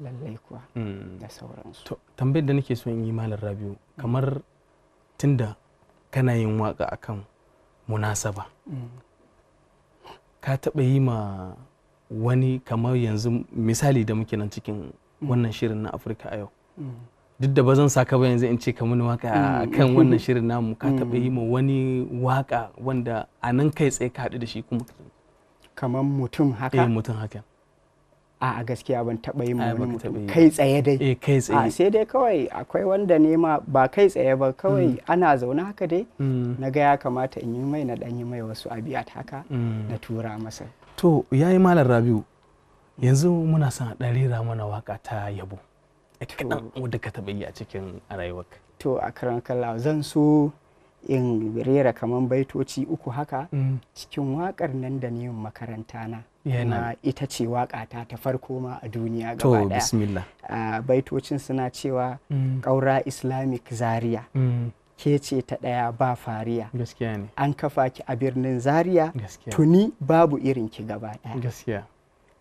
lallai kuwa da sauransu To tambayar da nake so in yi malar rabiu kamar tunda kana yin waka akan munasaba ka taba yi ma wani kamar yanzu misali da muke nan cikin wannan shirin na afirka a yau mm. duk da ba zan saka ba yanzu in ce ka mini waka mm. kan wannan shirin namu ka mm. taɓa yi ma wani waka wanda a nan kai tsaye ka haɗu da shi kuma kamar mutum haka eh mutum haka a a gaskiya ban taɓa yi wani mutum kai tsaye dai eh kai tsaye A sai dai kawai akwai wanda nema ba kai tsaye ba kawai ana zaune haka dai na ga ya kamata in yi mai na ɗan yi mai wasu abiyat haka na tura masa to yayi malam rabiu yanzu muna son a rera mana waka ta yabo kaɗan wadda ka taɓa yi a cikin rayuwarka to a karan kalla zan so in rera kamar baitoci uku haka mm. cikin waƙar nan da yin makaranta na yana ita ce waƙa ta farko ma a duniya gaba daya bismillah baitocin suna cewa mm. ƙaura islamic zaria mm. ke ce ta ɗaya ba fariya gaskiya ne an kafa ki a birnin zaria tuni babu irin ki gaba ɗaya gaskiya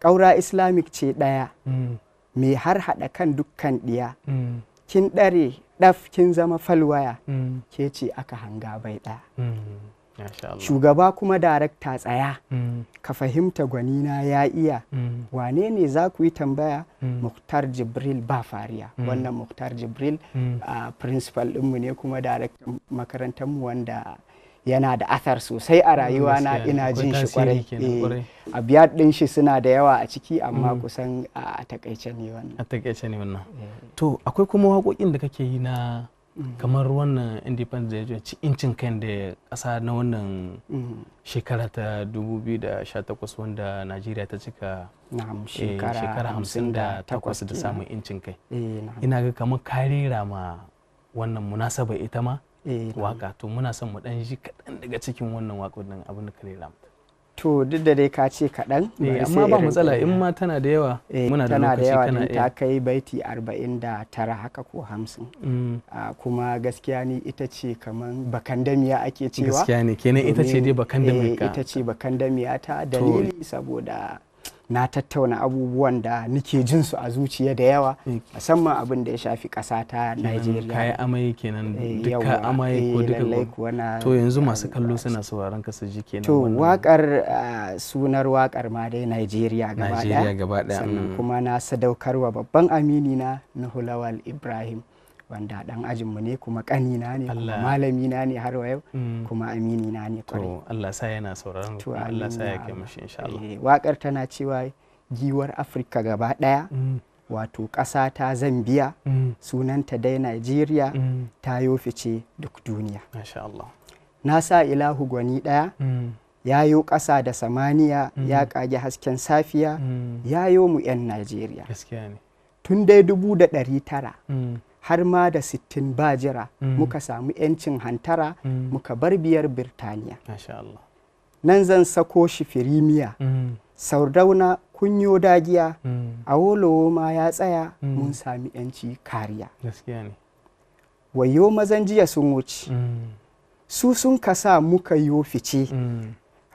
ƙaura islamic ce ɗaya mai mm. har haɗa kan dukkan ɗiya mm. kin ɗare ɗaf kin zama falwaya mm. ke ce aka hanga bai ɗaya shugaba kuma darakta tsaya ka fahimta gwanina ya iya wane ne za ku yi tambaya muktar jibril ba fariya wannan muktar jibril principal ɗinmu ne kuma makarantar mu wanda yana da athar sosai a mm, rayuwa na ina jin shi eh, kwarai a biyar din shi suna da yawa a ciki amma mm. kusan a takaice ne wannan a takaice ne wannan eh. to akwai kuma waƙoƙin da kake yi na mm. kamar wannan independence da ci incin kan da ƙasa na wannan shekara ta 2018 wanda najeriya ta cika eh, shekara 58 da samun incin kai ina ga kamar karira ma wannan munasaba ita ma Eh, waka to muna son mu dan ji kaɗan daga cikin wannan waƙoƙin abin da ka rera to duk da dai ka ce kaɗan eh, amma ba matsala in ma tana da yawa eh, muna da lokaci kana tana da yawa ta kai baiti arba'in da tara haka ko hamsin mm. ah, kuma gaskiya ni ita ce kaman bakandamiya ake cewa gaskiya ne kenan ita ce dai bakandamiya ita ce bakandamiya ta dalili saboda na tattauna abubuwan da nike jin su a zuciya da yawa mm. musamman abin da ya shafi ƙasa ta Najeriya kai amai kenan eh, duka amai ko eh, duka to yanzu masu kallo suna sauraron ka su ji kenan to wakar ah, sunar wakar ma dai Najeriya gaba daya sannan mm. kuma na sadaukarwa babban amini na Nuhulawal Ibrahim wanda dan ajinmu ne kuma kanina ne kuma malami na ne har yau mm. kuma amini na ne kwarai to Allah sa yana sauraron Allah sa ya kai mushi insha Allah eh, wakar tana cewa giwar Afirka gaba daya mm. wato ƙasa ta Zambia mm. sunanta dai Nigeria ta yofice duk duniya masha Allah na sa ilahu gwani daya Yayo ƙasa da samaniya ya kage hasken safiya ya yo mu 'yan Najeriya tun dai dubu da ɗari tara har ma da sittin ba jira mm. muka samu 'yancin hantara mm. muka bar biyar birtaniya nan zan sako shi firimiya mm. dauna kunyo dagiya a wolowo ma ya tsaya mun sami 'yanci kariya wayo mazan jiya sun wuce su sun kasa muka yi fice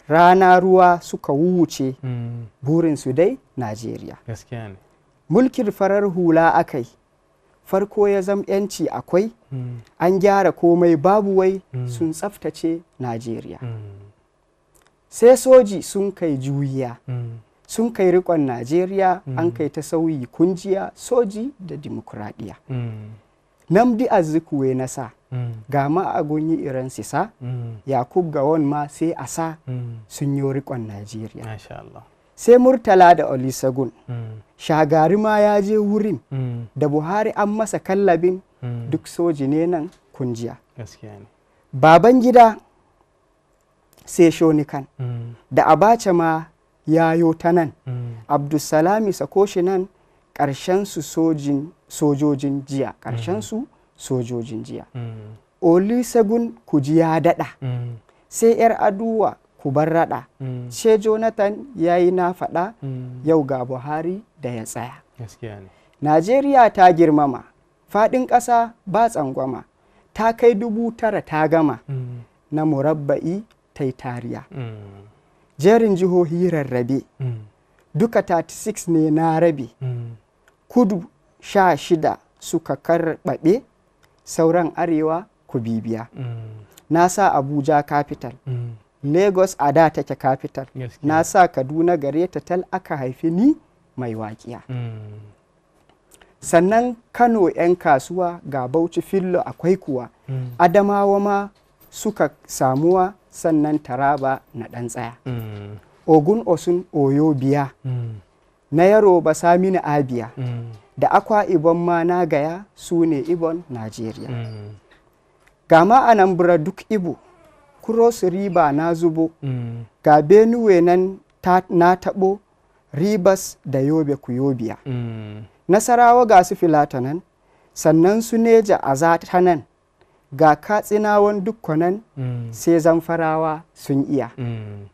rana ruwa suka wuce burinsu dai najeriya mulkin farar hula akai farko ya zam yanci akwai hmm. an gyara komai babu wai hmm. sun tsaftace najeriya hmm. sai soji sun kai juyiya sun kai rikon najeriya an kai ta sauyi kunjiya soji da dimokuraɗiyya namdi azikuwe na sa ga ma a gunyi iran sisa yakub gawon ma sai a sa sun yi rikon najeriya sai murtala da olisagun hmm. shagari ma ya je wurin hmm. da buhari an masa kallabin hmm. duk soji ne nan kunjiya baban gida sai shonikan da abacha ma yayo ta nan abdulsalami sakoshi nan ƙarshensu sojojin jiya ƙarshensu sojojin jiya olisagun kuji ya daɗa sai 'yar aduwa ku bar raɗa ce mm. jonathan ya yi na faɗa mm. yau ga buhari da ya tsaya najeriya ta girmama faɗin ƙasa ba tsangwama ta kai dubu tara ta gama mm. na murabba'i ta tariya. jerin jihohi rarrabe duka 36 ne na rabe kudu sha shida suka karɓaɓe sauran arewa ku bibiya na sa abuja capital lagos a da take capital na sa kaduna gare ta tal aka haifi ni mai waƙiya mm. sannan kano 'yan kasuwa ga bauchi fillo akwai kuwa mm. adamawa ma suka samuwa sannan taraba na ɗan tsaya mm. ogun osun oyo biya na yaro ba abia abiya da akwa ibon ma na gaya su ne ibon najeriya ga ma bura duk ibo cross riba na zubo mm. ga benue nan na taɓo ribas da yobe yobiya mm. nasarawa ga su filata nan sannan su neja a zata nan ga katsinawan dukkanan mm. sai zamfarawa sun iya mm.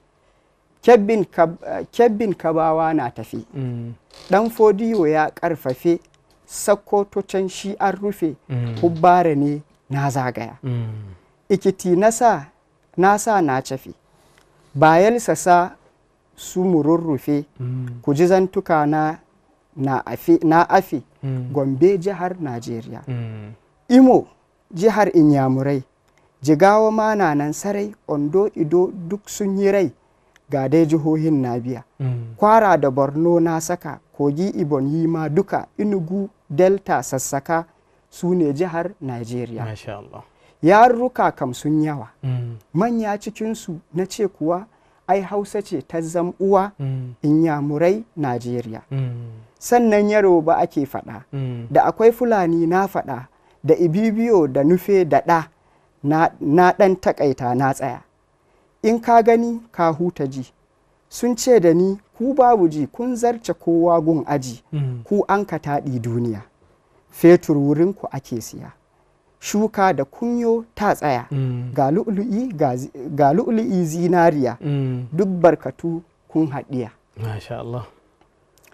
kabawa na tafi mm. dan fodiyo ya karfafe sakotocen shi an rufe mm. hubbare ne na zagaya mm. ikiti nasa na sa na cafe bayan sa su mururrufe mm. ku ji zantuka na na afi, mm. gombe jihar najeriya mm. imo jihar inyamurai jigawa mananan sarai ondo ido duk sun yi rai ga dai jihohin na biya kwara da borno na saka kogi ibon yi ma duka inugu delta sassaka su ne jihar najeriya yarurruka kam sun yawa mm. manya cikinsu na ce kuwa ai hausa ce ta zamuwa. Mm. inyamurai najeriya mm. sannan yaroba ake fada. da akwai fulani na fada da ibibiyo da nufe da ɗa na ɗan takaita na tsaya in ka gani ka huta ji sun ce da ni ku babu ji kun zarce kowa gun aji ku an ka taɗi duniya fetur wurinku ake siya shuka da kunyo ta tsaya mm. ga lu'lu'i zinariya mm. duk barkatu kun haɗiya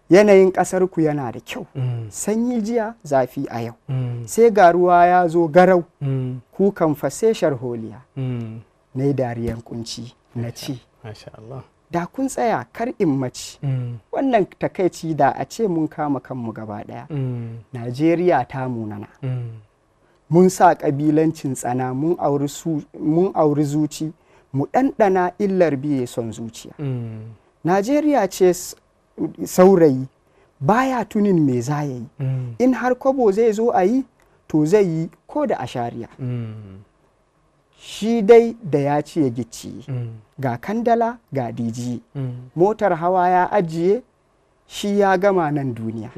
yanayin ƙasar ku yana da kyau mm. sanyi jiya zafi a yau sai ga ruwa ya zo garau ku kan holiya. sharholiya na dariyan kunci na ci da kun tsaya kar in mace wannan takaici da a ce mun kama kanmu gaba ɗaya najeriya ta munana mun sa ƙabilancin tsana mun auri zuci mu ɗanɗana illar biye son zuciya mm. najeriya ce saurayi baya tunin me za ya yi mm. in har kwabo zai zo a yi to zai yi ko da ashariya shariya mm. shi dai da ya ci ya gicci ga kandala ga diji motar hawa ya ajiye shi ya gama nan duniya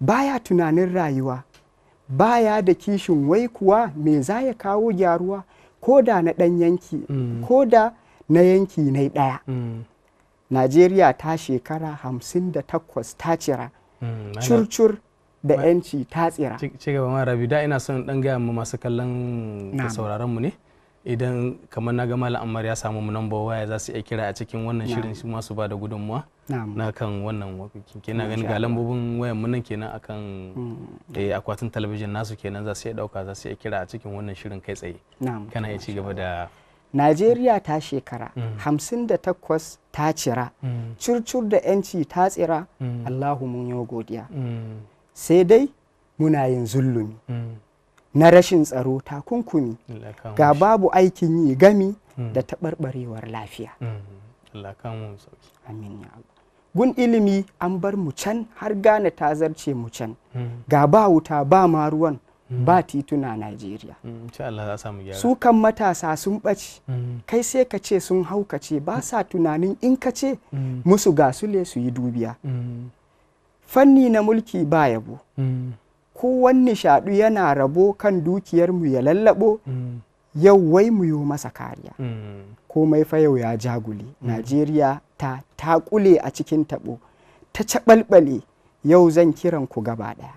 baya tunanin rayuwa baya da kishin wai kuwa me za ya kawo gyaruwa ko da na ɗan yanki mm. ko da na yanki na ɗaya mm. najeriya ta shekara hamsin da takwas ta cira mm, curcur da yanci ta tsira ci gaba ma rabi da ina son dan gaya masu kallon sauraron mu ne idan kamar na ga malam ammar ya samu mu number waya za su iya kira a cikin wannan shirin shi masu ba da gudunmuwa na kan wannan wakilkin kenan gani ga lambobin wayan munan kenan kenan akan mm. eh, akwatin talabijin nasu kenan za su iya dauka za su iya kira a cikin wannan shirin kai tsaye kana iya ci gaba da Najeriya ta shekara mm. hamsin da takwas ta cira mm. curcur da 'yanci ta tsira Allahu mun yi godiya sai dai muna yin zullumi na rashin tsaro takunkumi ga babu aikin yi gami hmm. da taɓarɓarewar lafiya hmm. gun ilimi an bar mu can har gane ta zarce mu can hmm. ga ba wuta ba ma ruwan ba tituna Najeriya. Su kan matasa sun ɓace, kai sai ka ce sun haukace ba sa tunanin in ka ce musu gasule su yi dubiya. Fanni na mulki ba yabo. kowanne nishaɗu yana rabo kan dukiyarmu ya lallaɓo yau wai mu yi masa kariya komai fa yau ya jaguli. najeriya ta ta takule a cikin taɓo ta caɓalɓale yau zan kiran ku gaba ɗaya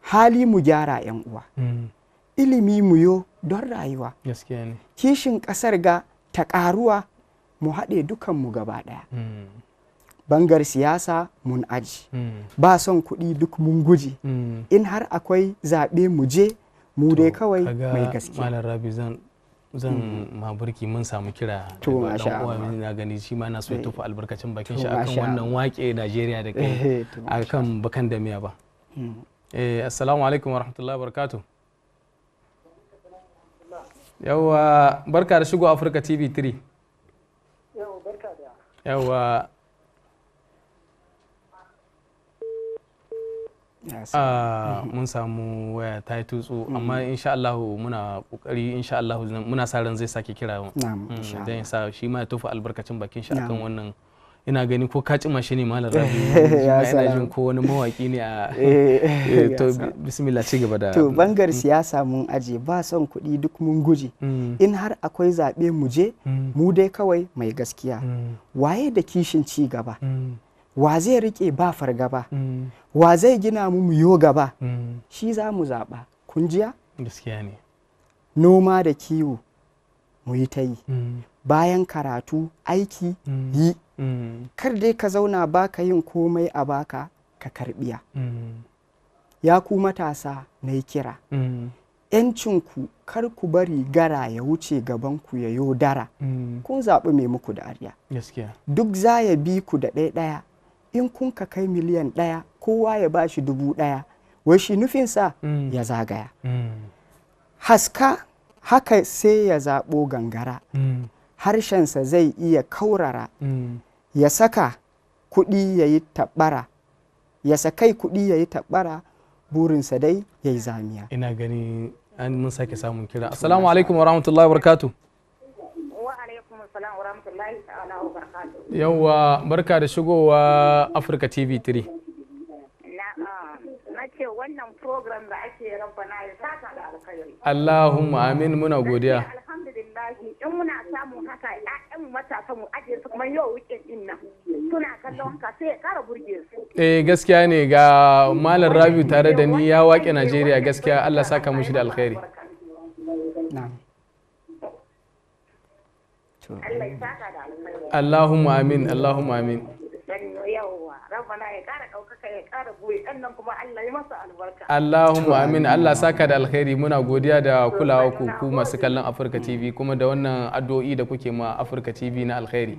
hali mu gyara 'yan uwa ilimi mu yo don rayuwa kishin ƙasar ga ta ƙaruwa mu haɗe dukanmu gaba ɗaya bangar siyasa mun aji hmm. ba son kuɗi duk mun guji hmm. in har akwai zaɓe mu je mu dai kawai mai gaske malam rabi zan zan hmm. ma burki mun samu kira to da uwa na gani shi ma na so ya eh. tufa albarkacin bakin shi akan wannan wake Najeriya da kai eh, akan bakan da miya ba eh assalamu alaikum warahmatullahi wabarakatuh yawa barka da shigo Africa TV 3 yawa barka da yawa Ah, mun mhm. samu waya ta yi tutsu mhm. amma insha Allah muna kokari insha Allah muna sa ran zai sake kira mhm, dan sa shi ma ya tofa albarkacin bakin shi akan wannan ina gani ko ka cima shi ne malam rabi ina jin ko wani mawaki ne a eh, eh, to bismillah ci gaba da to bangar siyasa mun aje ba son kuɗi duk mun guje in har akwai zaɓe mu je mu dai kawai mai gaskiya waye da kishin ci gaba wa zai rike ba fargaba wa zai gina mu mu yo gaba mm. shi za mu zaɓa kunjiya gaskiya ne noma da kiwo mu yi ta yi mm. bayan karatu aiki mm. yi kar dai ka zauna baka yin komai a baka ka karbiya ya ku matasa na kira. kira yancinku kar ku bari gara ya wuce gabanku ya yodara. kun zaɓi mai muku da duk za ya bi ku da ɗaya ɗaya in kun ka kai miliyan ɗaya kowa ya ba shi dubu ɗaya wai shi nufinsa mm. ya zagaya mm. haska haka sai ya zaɓo gangara mm. harshensa zai iya kaurara ya saka kuɗi ya yi taɓara ya sakai kuɗi ya yi taɓara burinsa dai ya yi zamiya ina gani an mun sake samun kira assalamu alaikum wa rahmatullahi wa barakatuh Yawwa barka da shigowa Afirka TV 3. da ake Allahumma amin muna godiya. Alhamdulillah in muna samu haka ƴaƴan matasan mu aje su ya kara burge su. Eh gaskiya ne ga Malam Rabiu tare da ni ya waƙe Najeriya gaskiya Allah saka mushi da alkhairi. Allahumma amin Allahumma amin Allahumma amin Allah saka da alkhairi muna godiya da kulawa ku ku masu kallon Afirka TV kuma da wannan addu'o'i da kuke ma Afirka TV na alkhairi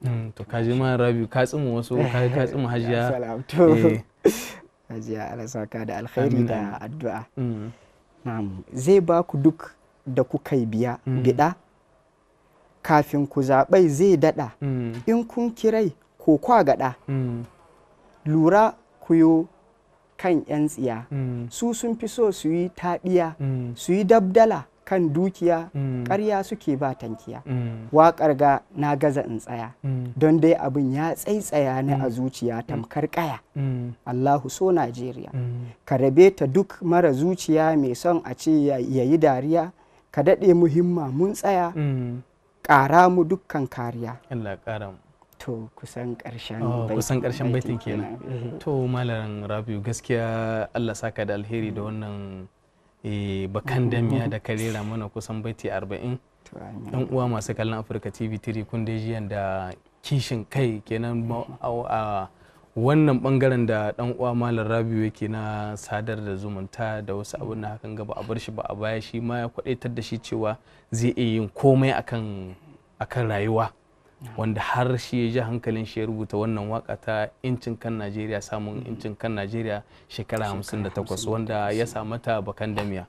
mm, to ka ji man rabi ka tsima wasu ka tsima hajiya eh. hajiya Allah saka da alkhairi da addu'a mm. zai ba ku duk da kuka biya mm. biɗa kafin ku zaɓai zai daɗa mm. in kun kirai ko kwa gaɗa mm. lura yi kan 'yan tsiya su sun fi so su yi taɓiya su yi dabdala kan dukiya ƙarya suke ba tankiya waƙar ga na gaza in tsaya don dai abin ya tsaitsaya ni a zuciya tamkar ƙaya allahu so najeriya ka rabe ta duk mara zuciya mai son a ce ya yi dariya ka daɗe muhimma mun tsaya mm. ƙara mu dukkan kariya Allah ƙara mu to kusan karshen oh, kusan baitin kenan mm-hmm. to malaran rabiu gaskiya allah saka da alheri da wannan eh, bakan mm-hmm. damiya da karera mana kusan baiti arba'in yan uwa masu kallon afirka tv 3 kun da kishin kai kenan a wannan bangaren da dan uwa malam rabiu yake na sadar da zumunta da wasu abin na hakan gaba a bar shi ba a baya shi ma ya kwadaitar da shi cewa zai iya yin komai akan akan rayuwa wanda har shi ya ji hankalin shi ya rubuta wannan waka ta incin kan najeriya samun mm-hmm. incin kan najeriya shekara 58 wanda ya samu mata bakan damiya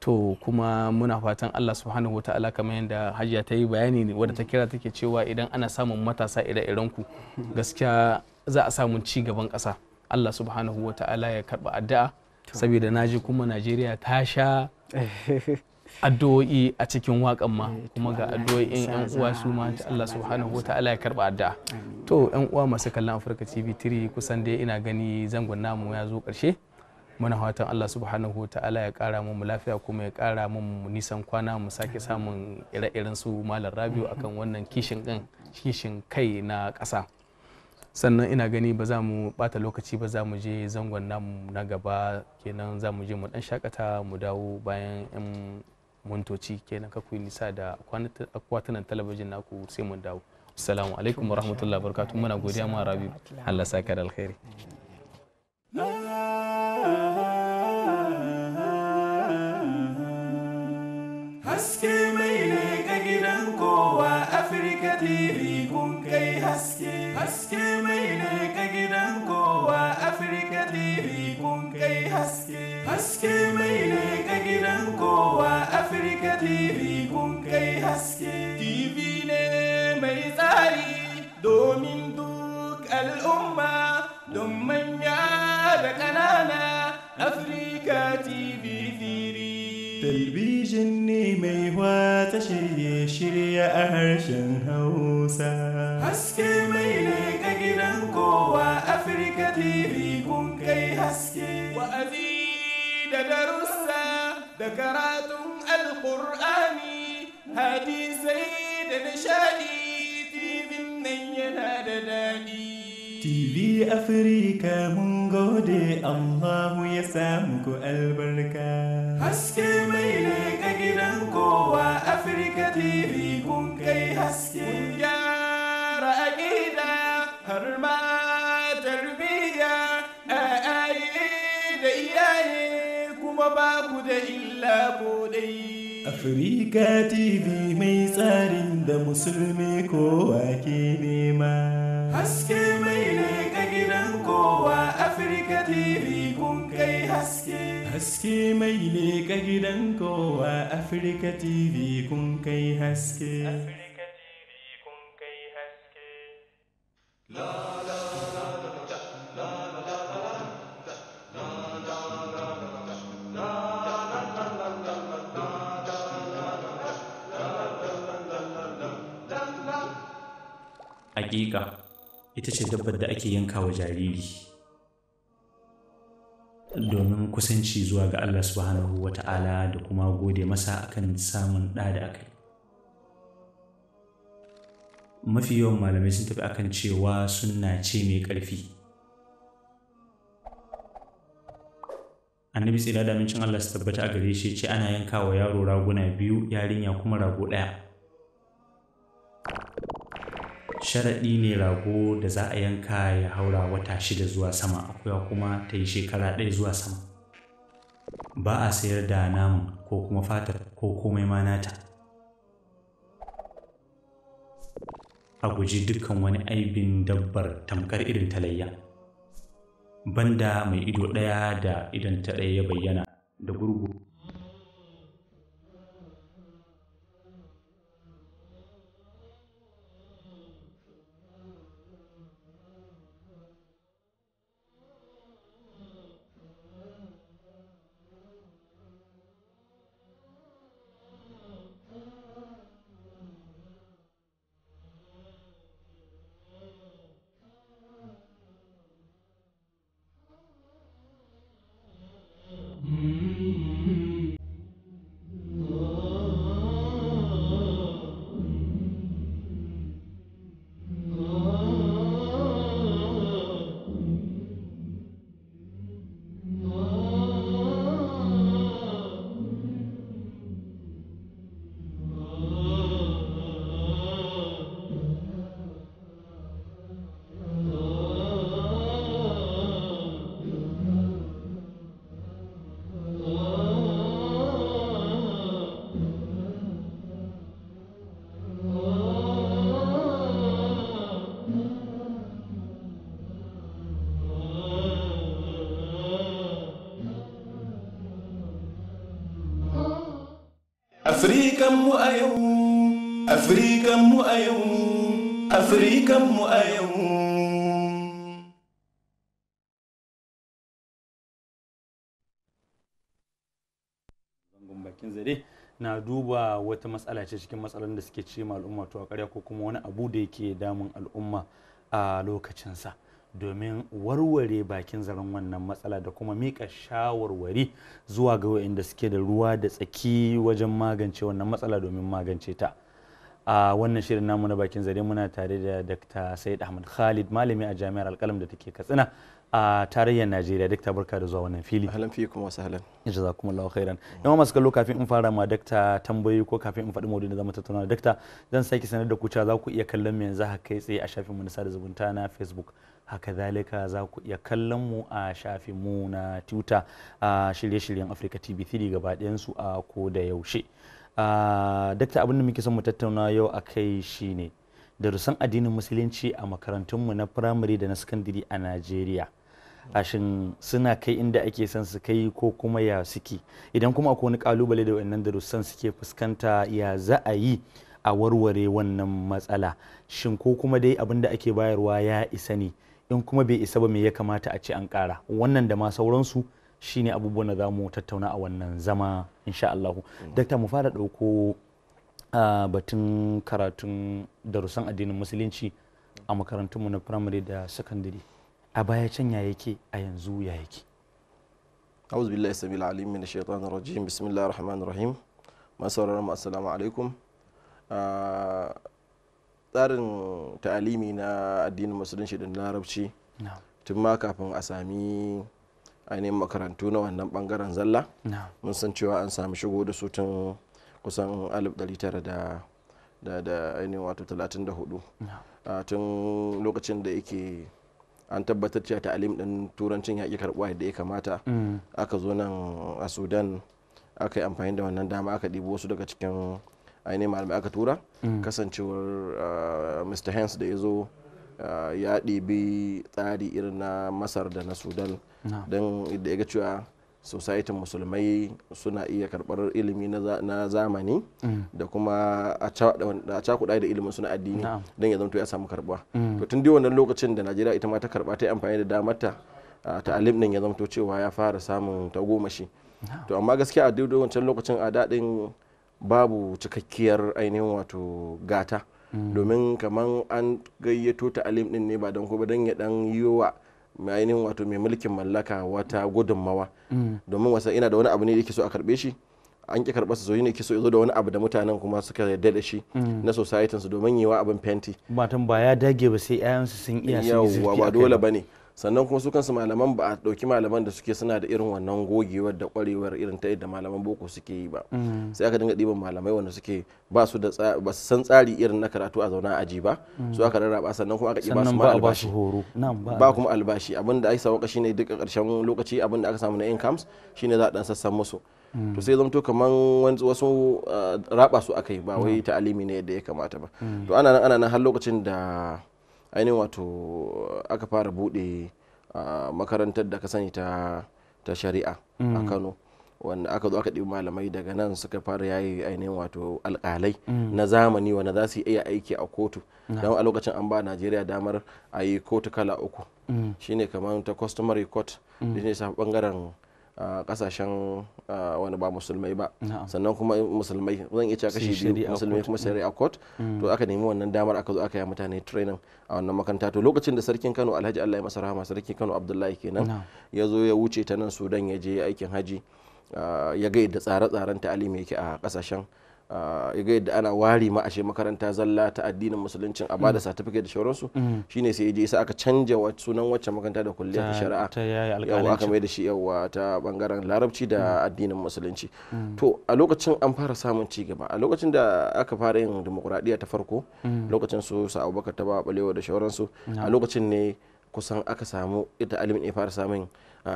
to kuma muna fatan allah subhanahu ta'ala kamar yadda hajiya ta yi bayani ne wadda ta kira take cewa idan ana samun matasa ire-irenku gaskiya za a samu ci gaban ƙasa Allah subhanahu wa ta'ala ya karba addu'a saboda na ji kuma Najeriya ta sha addu'o'i a cikin waƙan ma eh, kuma ga addu'o'in yan uwa su ma Allah subhanahu wa ta'ala ya karba addu'a to yan uwa masu kallon Afirka TV 3 kusan dai ina gani zangon namu ya zo ƙarshe muna fatan Allah subhanahu wa ta'ala ya kara mu lafiya kuma ya kara mu nisan kwana mu sake samun ire-iren su malam Rabiu akan wannan kishin din kishin kai na ƙasa sannan ina gani ba za mu bata lokaci ba za mu je zangon namu na gaba kenan za mu je mu dan shakata mu dawo bayan yan muntoci kenan ka kuyi nisa da akwatunan talabijin naku sai mu dawo assalamu alaikum warahmatullahi wabarakatuh muna godiya ma rabi Allah saka da alkhairi haske mai ne ga gidan kowa afirka tv kun haske haske mai ne ga gidan kowa Afirka TV kun kai haske haske mai ne ga gidan kowa Afirka TV kun kai haske TV ne mai tsari domin duk al'umma don manya da ƙanana Afirka TV talabijin ne mai ta shirye-shirye a harshen Hausa. Haske mai leƙa gidan kowa Afirka TV kun kai haske. Wa'azi da darussa da karatun alƙur'ani hadisai da Nishadi, TV nan yana da daɗi. TV Afirka mun gode Allahu ya samu ku albarka. Haske mai ne ga gidan kowa Afirka TV kun kai haske. Gyara aƙida har ma tarbiyya a da iyaye kuma ba ku da illa ko Afirka TV mai tsarin da musulmi kowa ke nema. Haske mai leƙa gidan kowa Afirka TV kun kai haske. Haske mai leƙa gidan kowa Afirka TV kun kai haske. Afirka TV kun kai haske. La la. hakika ita ce dabbar da ake yanka wa jariri domin kusanci zuwa ga Allah subhanahu wa ta'ala da kuma gode masa akan samun ɗa da aka yi mafi yawan malamai sun tafi akan cewa suna ce mai ƙarfi annabi tsira da amincin Allah su tabbata a gare shi ce ana yanka wa yaro raguna biyu yarinya kuma rago ɗaya sharaɗi ne rago da za a yanka ya haura wata shida zuwa sama akwai kuma ta yi shekara ɗaya zuwa sama ba a sayar da naman ko kuma fatar ko komai ma nata a guji dukkan wani aibin dabbar tamkar irin talayya banda mai ido ɗaya da idan ta ɗaya ya bayyana da gurgu mu a yau, mu a yau, mu a yau. bakin zare na duba wata matsala ce cikin matsalolin da suke ce ma al'umma to a ko kuma wani abu da yake damun al'umma a lokacinsa. domin warware bakin zaren wannan matsala da kuma mika shawarwari zuwa ga waɗanda suke da ruwa da tsaki wajen magance wannan matsala domin magance ta a wannan shirin namu na bakin zare muna tare da dr said ahmad khalid malami a jami'ar alkalam da take katsina a tarayyar najeriya dr barka da zuwa wannan fili halin fi kuma wasu halan jazakumullahu khairan yan masu kallo kafin in fara ma dr tambayoyi ko kafin in faɗi maudu da zama tattauna da dr zan sake sanar da ku za ku iya kallon mai yanzu haka kai tsaye a shafin mu na sada zumunta na facebook haka zalika za ku iya kallon mu a shafin mu na twitter a shirye-shiryen africa tv 3 gaba su a ko da yaushe dakta abin da muke son mu tattauna yau a kai shi ne darussan addinin musulunci a makarantunmu na firamare da na sakandare a najeriya ashin suna kai inda ake son su kai ko kuma ya suke idan kuma akwai wani kalubale da wannan darussan suke fuskanta ya za a yi a warware wannan matsala shin ko kuma dai abin da ake bayarwa ya isa ne in kuma bai isa ba me ya kamata a ce an kara wannan da ma sauransu shine abubuwan da za mu tattauna a wannan zama insha Allahu. Dakta mu fara ɗauko ah, batun karatun darussan addinin musulunci a mu na firamare da sakandare a baya can ya yake a yanzu ya yake. أعوذ بالله السميع العليم من الشيطان الرجيم بسم الله الرحمن الرحيم ما سرنا السلام عليكم tsarin ta'alimi na addinin musulunci da larabci tun ma kafin a sami ainihin makarantu na wannan bangaren zalla mun san cewa an sami shigo da su tun kusan tara da wato tun lokacin da yake an tabbatar cewa ta'alim din turancin ya ƙi karɓuwa da ya kamata mm. aka zo nan a sudan aka yi amfani da wannan dama aka ɗibo wasu daga cikin ainihin malamai aka tura mm. kasancewar ah, mr hens da ya zo ah, ya ɗibi tsari irin na masar da na sudan don da ya ga cewa societin musulmai suna iya karɓar ilimi na zamani mm. da kuma a cakuɗa da ilimin suna addini don ya zanto ya samu karɓuwa mm. to tun dai wannan lokacin da najeriya ita ma ta karɓa ta yi amfani da damarta ah, ta alim din ya zanto cewa ya fara samun tagomashi to amma gaskiya a wancan lokacin a daɗin babu cikakkiyar ainihin wato gata mm. domin kamar an gayyato ta alim din ne ba don kuma don ya dan yi wa ainihin wato mai mulkin mallaka wata gudunmawa mm. domin wasa ina da wani abu ne da yake so a karbe shi an ki karɓa su zo ne so zo da wani abu da mutanen kuma suka yarda da shi mm. na societin su domin yi wa abin fenti matan ba ya dage ba sai 'ya'yansu sun iya sun yi ba dole ba ne. sannan kuma su kansu malaman ba a ɗauki malaman da suke suna da irin wannan gogewar da kwarewar irin ta yadda malaman boko suke yi ba mm. sai aka dinga ɗiban malamai wanda suke ba su da ba su san tsari irin na karatu a zauna aji ba mm. su aka rarraba sannan kuma aka ƙi ba su ma albashi ba kuma albashi abin da aka shine duk ƙarshen lokaci abin da aka samu na incomes shine za a dan sassan musu mm. to sai zamto kaman wasu ah, raba su aka yi ba wai ta'alimi ne yadda ya kamata ba to ana nan ana nan har lokacin da ainihin wato aka fara buɗe makarantar da ka sani ta ta shari'a a mm. kano wanda aka zo aka ɗi malamai daga nan suka fara yayi ainihin wato alƙalai mm. na zamani wanda za su iya aiki a kotu don a lokacin an ba najeriya damar a yi kotu kala uku mm. shine kamar ta customary court da ne shafi bangaren kasashen wani ba musulmai ba sannan kuma musulmai zan iya kashi biyu musulmai kuma a mm. court mm. to aka nemi wannan damar aka zo aka yi mutane training a wannan makaranta to lokacin da sarkin Kano Alhaji Allah ya masa rahama sarkin Kano Abdullahi kenan ya zo ya wuce ta nan Sudan ya je aikin haji ya ga yadda tsare-tsaren ta'alimi yake a kasashen Ah, ya ga yadda ana ware ma ashe makaranta zalla ta addinin musuluncin a bada mm. certificate da shauransu mm. shine sai je isa aka canja sunan wacce makaranta da kulliyar shari'a yawa aka mai da shi yawa ta bangaren larabci da mm. addinin musulunci to a lokacin an fara samun ci gaba a lokacin da aka fara yin demokuraɗiyya ta farko lokacin su sa abubakar ta ba balewa da shauransu a lokacin ne kusan aka samu ita alimin ya fara samun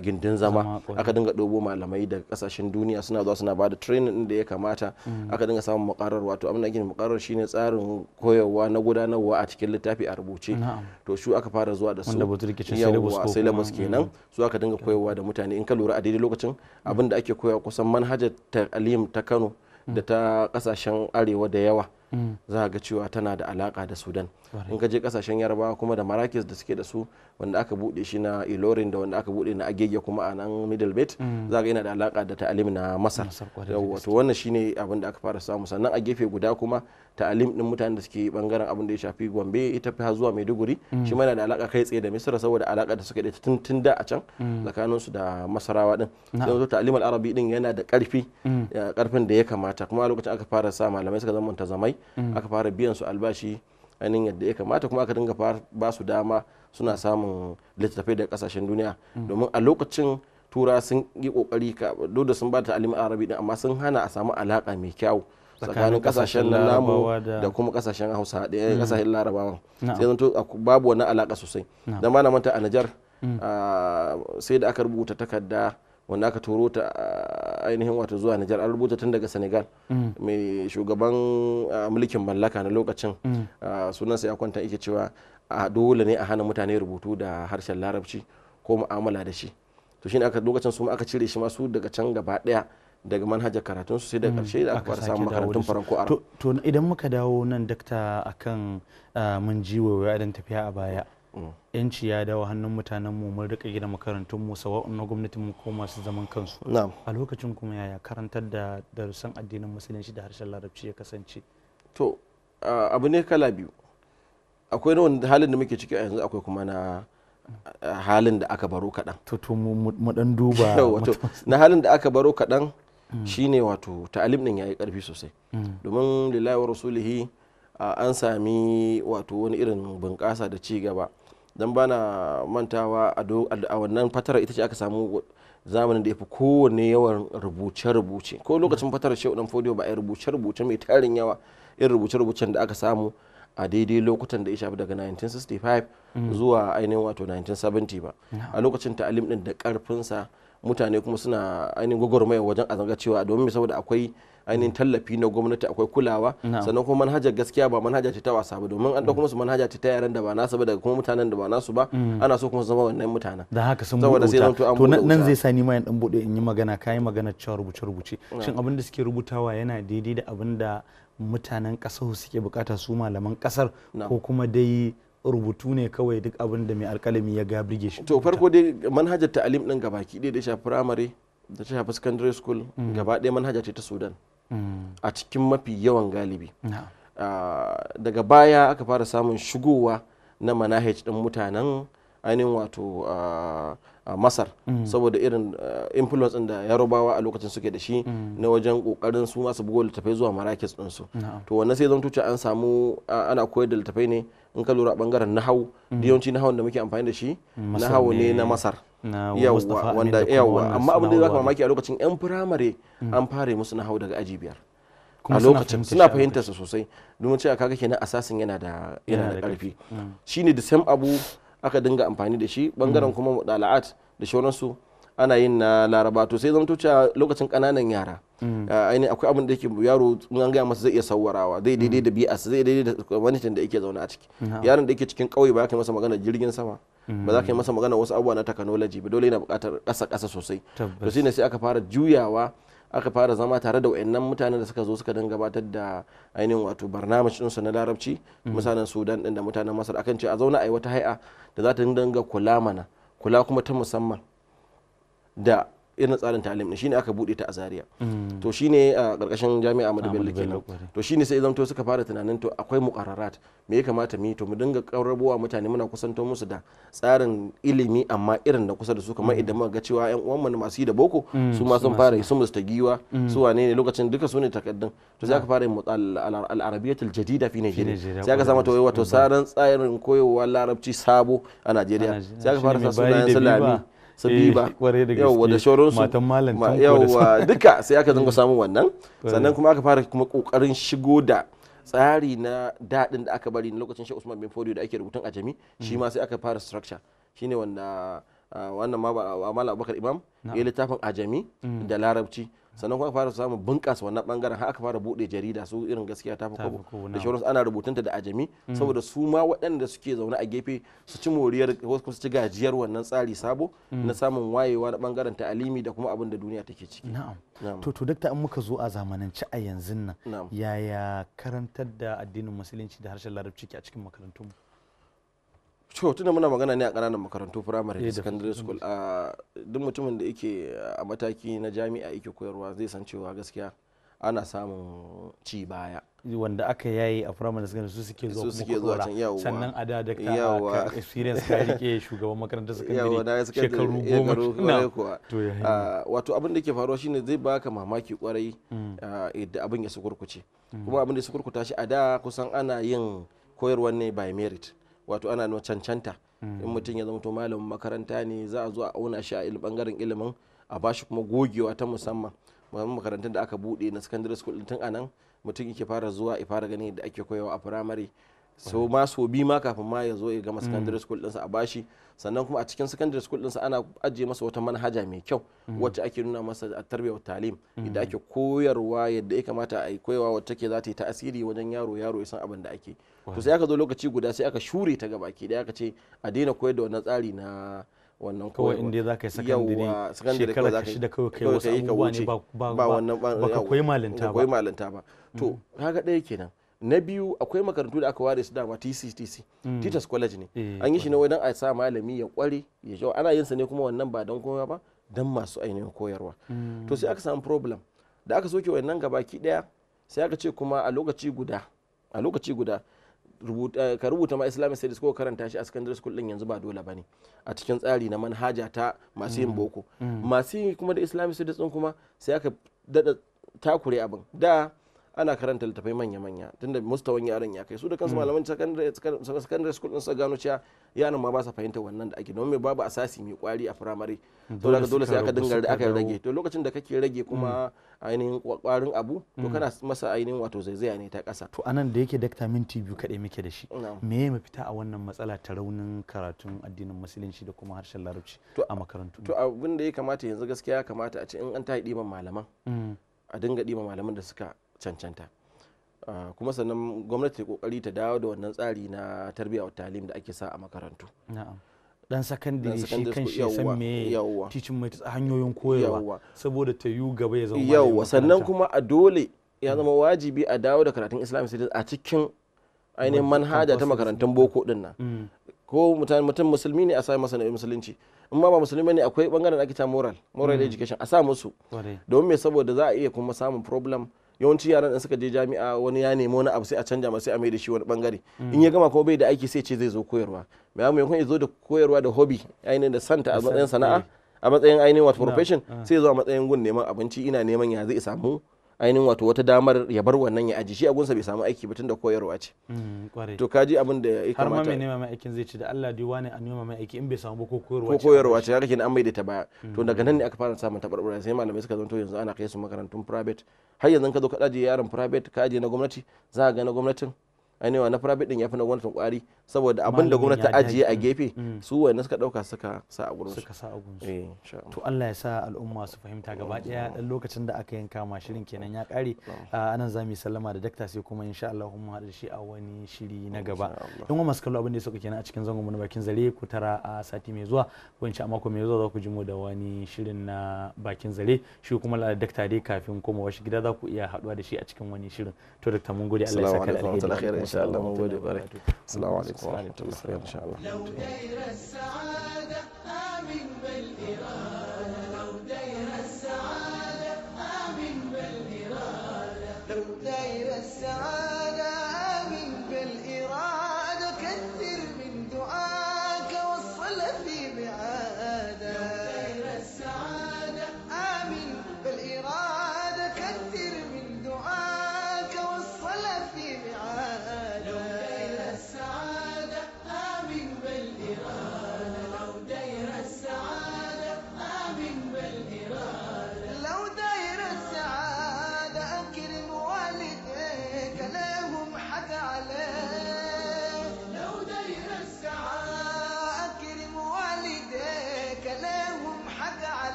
gindin zama aka dinga dobo malamai da kasashen duniya suna zuwa suna ba da training da ya kamata mm. aka dinga samun mukarar wato amina gini mukarar shine tsarin koyarwa na gudanarwa a cikin littafi a rubuce to su aka fara zuwa da su yawwa syllabus mm. kenan su aka dinga koyarwa da mutane in ka lura a daidai lokacin abin da ake koyawa kusan manhajar alim ta Kano mm. da ta kasashen arewa da yawa za ga cewa tana da alaka da sudan in ka je kasashen yarbawa kuma da marakis da suke da su wanda aka bude shi na ilorin da wanda aka bude na agege kuma a nan middle belt mm. za ga yana da alaka da ta'alim na masar wato wannan shine abin da aka fara samu sannan a gefe guda kuma ta'alim din mutanen da suke bangaren abin da ya shafi gombe ita fi zuwa maiduguri mm. shi mana da alaka kai tsaye da misira saboda alaka da suka da tun tun da a can mm. tsakanin su da masarawa din sai zo ta'alim arabi din yana da karfi karfin mm. da ya kamata kuma a lokacin aka fara sa malamai suka zama muntazamai aka fara biyan su albashi ainihin yadda ya kamata kuma aka dinga ba su dama suna samun littattafai da kasashen duniya domin a lokacin tura sun yi kokari ka dole sun ba ta alimin arabi din amma sun hana a samu alaka mai kyau tsakanin kasashen namu da kuma kasashen hausa da eh, mm. kasashen larabawa sai zanto babu wani alaka sosai da manta a najar mm. ah, sai da aka rubuta takarda wanda aka turo ta ah, ainihin wata zuwa Nijar an rubuta tun daga Senegal mm. mai shugaban ah, mulkin mallaka na lokacin sunansa ya kwanta ike cewa dole ne a hana mutane rubutu da harshen larabci ko mu'amala da shi to shine aka lokacin su aka cire shi masu daga can gaba daya daga manhajar karatun su sai da karshe mm. da aka samu makarantun farko a to idan muka dawo nan dakta akan ah, mun ji waiwaya idan tafiya a baya mm. yanci ya dawo hannun mutanen mu mun rika gina makarantun mu sawa'un na gwamnatin mu ko masu zaman kansu a lokacin kuma yaya karantar da darussan addinin musulunci da harshen larabci ya kasance to ah, abu ne kala biyu akwai na halin da muke ciki a yanzu akwai kuma na ah, halin da aka baro kaɗan. To mu dan duba. na halin da aka baro kaɗan Mm. shine wato ta'alim din yayi karfi sosai mm. domin lillahi wa rasulihi an sami wato wani irin bunƙasa da ci gaba dan bana mantawa a wannan fatara ita ce aka samu zamanin da ya fi kowanne yawan rubuce-rubuce ko lokacin mm. fatara shehu dan fodiyo ba a rubuce-rubuce mai tarin yawa irin rubuce-rubucen da aka samu a daidai lokutan da ya shafi daga 1965 zuwa ainihin wato 1970 ba a lokacin ta'alim din da karfinsa mutane kuma suna ainihin gwagwarmaya wajen a zanga cewa domin saboda akwai ainihin tallafi na gwamnati akwai kulawa sannan kuma manhajar gaskiya ba manhaja ce ta wasa ba domin an kuma mm. su manhaja ce ta yaran da ba nasu ba daga kuma mutanen da ba nasu ba mm. ana so kuma su zama wannan mutanen da haka sun saboda sai to nan zai sa ni ma yan dan bude in yi magana kayi magana cewa rubuce rubuce shin abin da suke rubutawa yana daidai da abin da mutanen kasar suke bukata su malaman kasar ko kuma dai rubutu ne kawai duk abin da mai alkalami ya ga birge shi to farko dai manhajar ta'alim din gabaki ɗaya da shafi primary da ta shafi secondary school mm. gaba ɗaya manhaja ta sudan mm. a cikin mafi yawan galibi ah, daga baya aka fara samun shigowa na manhaj din mutanen ainihin wato ah, masar mm. saboda irin eh, influence da yarobawa a lokacin suke da shi mm. na wajen kokarin su masu bugo littafai zuwa marakis ɗinsu to wannan sai zanto an samu ana koyar da littafai ne in ka lura a bangaren nahau mm. yawanci nahau da muke amfani da shi nahau ne na masar yawwa wanda yawwa amma abin da zaka mamaki a lokacin yan firamare an fara musu nahau daga aji biyar a lokacin suna fahimtar sosai domin cewa kaga kenan asasin yana da yana da karfi shine the same abu aka dinga amfani da shi mm. bangaren kuma mudala'at da shauransu ana yin na laraba to sai zama cewa lokacin kananan yara mm. ainihin akwai abin da yake yaro in an gaya masa zai iya sawarawa mm. zai daidai da biya zai daidai da kwamitin da yake zaune a ciki yaron da yake cikin kauye ba ka masa magana jirgin sama ba za ka yi masa magana wasu abubuwa na technology ba dole yana bukatar kasa kasa sosai to shine sai aka fara juyawa aka fara zama tare da wayannan mutanen da suka zo suka dan gabatar da ainihin wato barnamij ɗinsu na larabci misalin sudan ɗin da mutanen masar akan ce a zauna a yi wata hai'a da za ta dinga kula mana kula kuma ta musamman da irin tsarin talim ne shine aka bude ta a Zaria mm. to shine a karkashin jami'a madu Bello kenan to shine sai zamto suka fara tunanin to akwai muqarrarat me ya kamata mu yi to mu dinga karrabuwa mutane muna kusanto musu da tsarin ilimi amma irin da kusa da su kamar mm. idan muka ga cewa yan uwan mu masu yi da boko mm, su ma sun fara su musta giwa su wane ne lokacin duka su ne takaddun to sai aka fara al-arabiyatul jadida fi Nigeria sai aka samu to wato tsarin tsarin koyowa larabci sabo a Najeriya sai aka fara sa sunayen sulami sabiba yawwa eh, da shoronsu yawwa duka sai aka zanga eh, samun wannan sannan kuma aka fara kuma kokarin shigo da tsari na daɗin da aka bari na lokacin shi usman bin fodio da ake rubutun ajami shi mm. ma sai aka fara structure shine wanda ah, wannan ma ba malam abubakar imam ya littafin ajami mm. da larabci sannan kuma fara samun bunƙasa wannan bangaren har aka fara buɗe jarida su irin gaskiya ta kwabo da shauransu ana rubutunta da ajami mm. saboda su ma waɗanda suke zaune a gefe su ci moriyar wasu su ci gajiyar wannan tsari sabo mm. na samun wayewa na bangaren ta alimi da kuma abin da duniya take ciki na'am to to dakta in muka zo a zamanance a yanzu nan yaya karantar da addinin musulunci da harshen larabci ke a cikin makarantunmu. to tunda muna magana ne a ƙananan makarantu firamare da eh, secondary school a ah, duk mutumin da yake a mataki na jami'a yake koyarwa zai san cewa gaskiya ana samun ci baya wanda aka yayi a firamare school su suke zuwa kuma yawa sannan a da da experience ka rike shugaban makarantar secondary shekaru eh, goma na ah, wato abin da ke faruwa shine zai baka mamaki kwarai mm. ah, yadda abin ya sukurkuce mm. kuma abin da ya sukurkuta shi a da kusan ana yin koyarwa ne by merit wato ana nuna cancanta mm. in mutum ya zama to malamin makaranta ne za a zo a auna shi a bangaren ilimin a bashi kuma gogewa ta musamman musamman makarantar da aka bude na secondary school tun anan mutum yake fara zuwa ya fara ganin da ake koyawa a primary so ma so bi ma kafin ma ya zo ya gama secondary school ɗinsa a bashi sannan kuma a cikin secondary school ɗinsa ana ajiye masa wata manhaja mai kyau wacce ake nuna masa a tarbiyyar talim idan ake koyarwa yadda ya kamata a yi koyarwa wacce take za ta yi tasiri wajen yaro yaro ya san abin da ake to sai aka zo lokaci guda sai aka shure ta gaba ki da aka ce a daina koyar da wannan tsari na wannan kawai inda za ka yi sakandare shekara ka shida kawai kai wasu abubuwa ne ba wannan ba koyi malinta ba to mm. kaga ɗaya kenan na biyu akwai makarantu da aka ware su dama tctc teachers mm. college ne eh, an yi shi na wajen a sa malami ya kware ya jawo ana yin sa ne kuma wannan ba don koya ba don masu ainihin koyarwa mm. to sai aka samu problem da aka soke wannan gabaki daya sai aka ce kuma a lokaci guda a lokaci guda eh, ka rubuta ma islamic studies ko karanta shi a secondary school din yanzu ba dole bane a cikin tsari na manhaja ta masu yin mm. boko masu yin kuma da islamic studies din kuma sai aka dada takure abin da ana karanta littafai manya-manya tunda mustawan yaran ya kai su da kansu mm. malaman secondary school din sa gano cewa yaran ma ba sa fahimta wannan da ake don me babu asasi mai kwari a firamare to daga dole sai aka dinga aka rage to lokacin da kake rage kuma mm. ainihin kwarin abu to mm. kana masa ainihin wato zaizaya ne ta kasa to anan da yake dakta minti biyu kadai muke da shi me ya mafita a wannan matsala ta raunin karatun addinin musulunci da kuma harshen larabci a makarantu to abin da ya kamata yanzu gaskiya ya kamata a ce in an ta yi ɗiban malaman a dinga ɗiban malaman da suka cancanta ah, kuma sannan gwamnati ta kokari ta dawo da wannan tsari na tarbiyya wa talim da ake sa a makarantu dan sakandare shi kan shi san me teaching mai hanyoyin koyarwa saboda ta yu gaba ya zama yawa sannan kuma a dole ya zama wajibi a dawo da karatun islamic studies a cikin ainihin manhaja ta makarantun boko din nan mm. ko mutum musulmi ne a sa masa na musulunci in ma ba musulmi ne akwai bangaren da ake ta moral moral mm. education a sa musu domin me saboda za a iya kuma samun problem yawanci yaran da suka je jami'a wani ya nemi wani abu sai a canja masa sai mai da shi wani bangare mm. in ya gama ko bai da aiki sai ce zai zo koyarwa mai amma yankun ya zo da koyarwa da hobi ainihin da santa a matsayin eh. sana'a a matsayin ainihin wato profession ah. sai zo a matsayin gun neman abinci ina neman ya zai samu ainihin wato wata damar ya bar wannan ya aji shi agunsa bai samu aiki ba tunda koyarwa ce mm, to kaji abin da ya kamata har ma mai nema mai aikin zai ce da Allah dai wani a nema mai aiki in bai samu ba ko koyarwa ce ko koyarwa ce haka kenan an ta baya to mm. daga nan ne aka fara samun tabarbura sai malamai suka zanto yanzu ana kai su makarantun private har yanzu ka zo ka daje yaron private ka aje na gwamnati za ka ga na gwamnatin ainihin na private din ya fi na gwamnatin kwari saboda abin da gwamnati ajiye a gefe mm. su wanda suka dauka suka sa a gurin suka sa a gurin eh, to Allah ya sa al'umma su fahimta gaba daya dan lokacin da aka yanka ma shirin kenan ya kare ah, anan za mu yi sallama da dakta sai kuma insha Allah mu haɗa shi a wani shiri na gaba yan uwa masu kallo abin da suka kenan a cikin zangon na bakin zare ku tara a sati mai zuwa ko a mako mai zuwa za ku ji mu da wani shirin na bakin zare shi kuma la dakta dai kafin koma washi gida za ku iya haɗuwa da shi a cikin wani shirin to dakta mun gode Allah ya saka alheri assalamu alaikum عليكم ورحمة الله خير إن شاء الله لو دير السعادة آمن بالإرادة لو دير السعادة آمن بالإرادة لو دير السعادة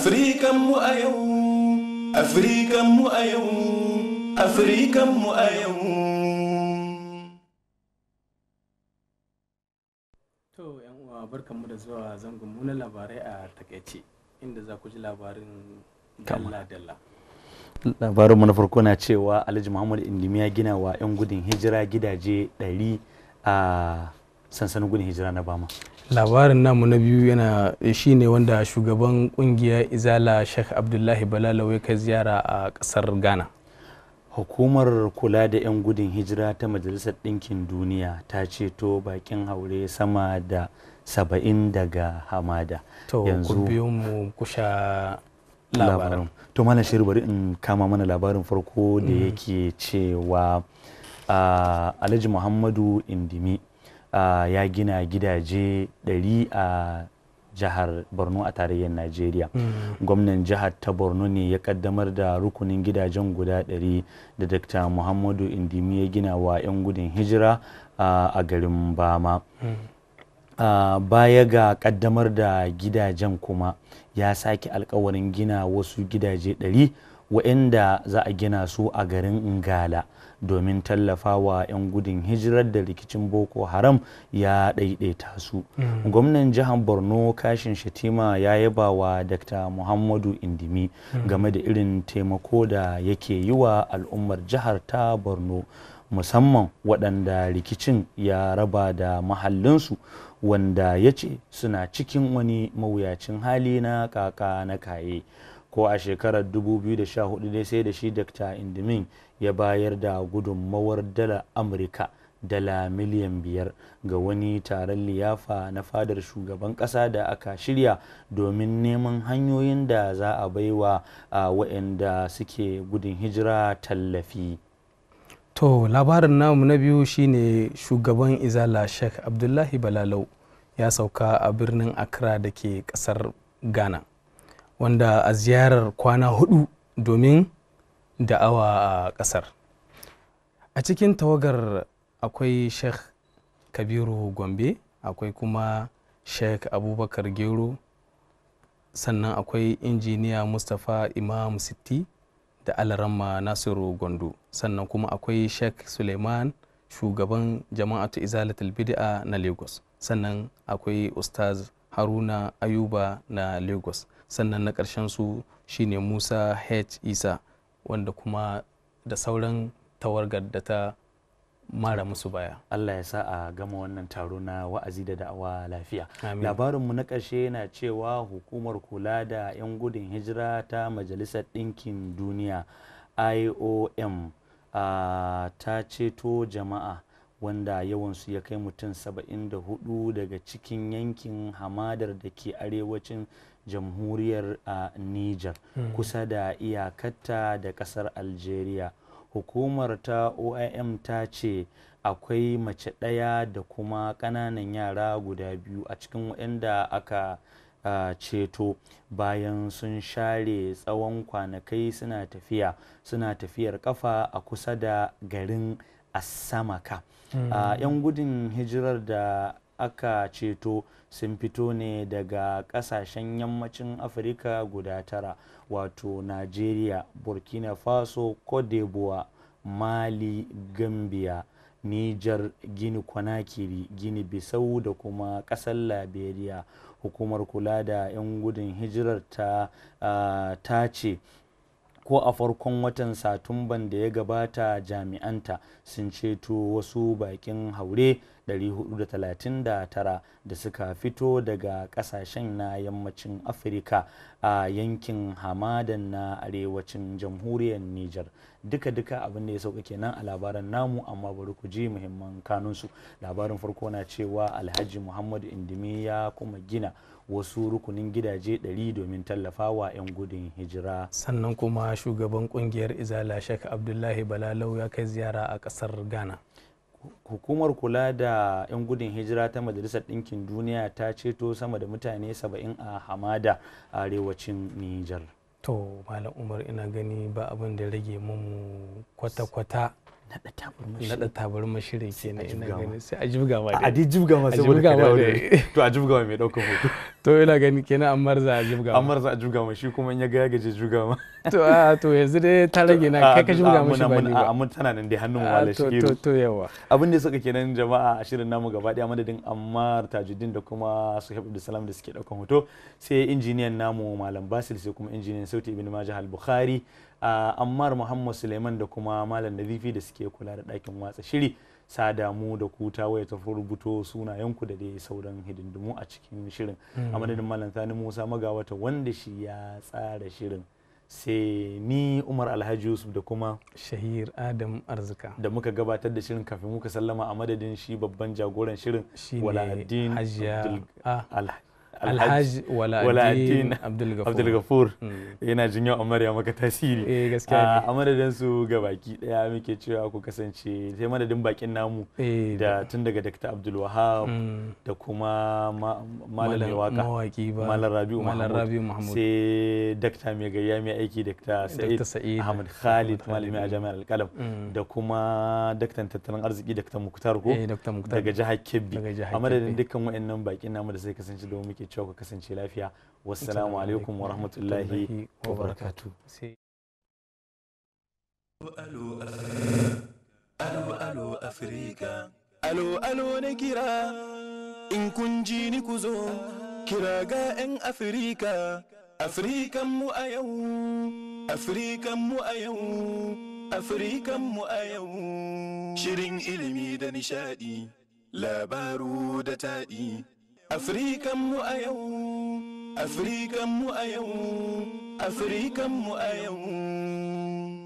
Afirikan mu a yau, Afirikan mu a yau, Afirikan mu a yau. To ‘yan uwa barkanmu da zuwa zangon muna labarai a takaice inda za ku ji labarin dalla-dalla. Labarinmu na farko na cewa Alhaji Muhammadu Indimi ya gina wa 'yan gudun hijira gidaje ɗari a sansanin gudun hijira na Bama. labarin namu na biyu yana eh, shi ne wanda shugaban kungiyar izala sheikh abdullahi balalawai kai ziyara a kasar ghana hukumar kula da 'yan gudun hijira ta majalisar ɗinkin duniya ta to bakin haure sama da saba'in daga hamada yanzu mu kusha labarin to mana shiru bari in kama mana labarin farko da mm. yake cewa ah, alhaji muhammadu indimi ya gina gidaje ɗari a jihar borno a tarayyar najeriya mm. gwamnan jihar ta borno ne ya kaddamar da rukunin gidajen guda ɗari. da dr muhammadu indimi ya gina wa 'yan gudun hijira a garin bama mm. baya ga kaddamar da gidajen kuma ya sake alkawarin gina wasu gidaje ɗari. wa'inda za a gina su a garin ngala domin tallafawa 'yan gudun hijirar da rikicin boko haram ya ɗaiɗaita su mm. gwamnan jihar borno kashin shatima ya yaba wa dr muhammadu indimi mm. game da irin taimako da yake yi wa al'ummar jihar ta borno musamman waɗanda rikicin ya raba da mahallinsu wanda ya ce suna cikin wani mawuyacin hali na kaka na kaye ko a shekarar 2014 sai da shi dr indimin ya bayar da gudunmawar dala amurka dala miliyan biyar ga wani taron liyafa na fadar shugaban kasa da aka shirya domin neman hanyoyin da za a baiwa a waɗanda suke gudun hijira tallafi to labarin namu na biyu shine shugaban izala sheikh abdullahi balalau ya sauka a birnin accra da ke kasar ghana wanda a ziyarar kwana hudu domin da'awa a ƙasar a cikin tawagar akwai sheikh kabiru gombe akwai kuma sheikh abubakar gero sannan akwai injiniya mustapha imam sitti da alarama nasiru gondo sannan kuma akwai sheikh suleiman shugaban jama'atu izalatul bid'a na lagos sannan akwai ustaz haruna ayuba na lagos sannan na ƙarshen su shine musa h isa wanda kuma da sauran tawargar da ta mara musu baya. Allah ya sa a gama wannan taro na wa'azi da da'awa lafiya. Labarinmu na ƙarshe na cewa hukumar kula da 'yan gudun hijira ta Majalisar Ɗinkin Duniya IOM ta ceto jama'a wanda yawansu ya kai mutum 74 daga cikin yankin hamadar da ke arewacin jamhuriyar niger hmm. kusa da iyakarta da kasar algeria hukumar ta oim ta ce akwai mace ɗaya da kuma ƙananan yara guda biyu a cikin waɗanda aka ceto bayan sun share tsawon kwanakai suna tafiya suna tafiyar ƙafa a kusa da garin asamaka samaka. Hmm. yan gudun hijirar da aka ceto sun fito ne daga kasashen yammacin afirka guda tara wato nigeria burkina faso cote mali gambia niger gini conakry gini bisau da kuma kasar liberia hukumar kula da 'yan gudun hijirar ta ta ce ko a farkon watan satumban da ya gabata jami'anta sun ceto wasu bakin haure 439 da suka fito daga kasashen na yammacin afirka a yankin hamadan na arewacin jamhuriyar niger duka-duka abin da ya sauka kenan a labaran namu amma bari ku ji muhimman kanunsu labarin farko na cewa alhaji muhammadu indimi ya kuma gina wasu rukunin gidaje 100 domin tallafawa 'yan gudun hijira sannan kuma shugaban kungiyar izala shek abdullahi balalau ya kai ziyara a kasar ghana hukumar kula da 'yan gudun hijira ta majalisar ɗinkin duniya ta ceto sama da mutane 70 a hamada a arewacin nijar to malam umar ina gani ba abin da rage mu kwata-kwata naɗa tabarma shi naɗa tabarma shi rai kenan ina ganin sai a jibga ma a dai jibga ma saboda ka dawo to a jibga ma mai ɗaukar hoto to ina gani kenan an marza a jibga ma an marza a jibga ma shi kuma in ya ga ya gaje jibga ma to a to yanzu dai ta rage na kai ka jibga ma shi ba ni ba a mun tana nan dai hannun wala shi to to yawa abin da suka kenan jama'a a shirin namu gaba daya madadin Ammar Tajuddin da kuma Suhaib Abdulsalam da suke ɗaukar hoto sai injiniyan namu Malam Basil sai kuma injiniyan Sauti Ibn Majah Al-Bukhari A ah, ammar muhammad suleiman da kuma malam nazifi da suke kula da ɗakin watsa shiri sadamu da ku ta waya ta rubuto sunayenku da dai sauran hidindimu a cikin shirin a hmm. madadin malam sani musa magawata wanda shi ya tsara shirin sai ni umar alhaji yusuf da kuma shahir adam arzika da muka gabatar da shirin kafin muka sallama a madadin shi babban jagoran shirin wala'adin alhaji alhaji wala'adin abdulgafur yana jin yau amar ya maka tasiri a madadin su ga baki daya muke cewa ku kasance sai madadin bakin namu da tun daga Abdul abdulwahab da kuma malam waka malam rabi'u mahmud sai dakta mai gayya mai aiki dakta sa'id ahmad khalid malami a jami'ar alkalam da kuma daktan tattalin arziki dakta muktar ko daga jihar kebbi a madadin dukkan wa'annan bakin namu da sai kasance domin muke cewa ku kasance lafiya wassalamu alaikum wa rahmatullahi wa barakatuh alo alo afirka alo alo na kira in kun ji ni ku zo kira ga 'yan afirka afirkan mu a yau afirkan mu a yau Afirikan mu a yau. Shirin ilimi da nishadi, labaru da taɗi. Afirikan mu a yau, Afirikan mu a yau, Afirikan mu a yau.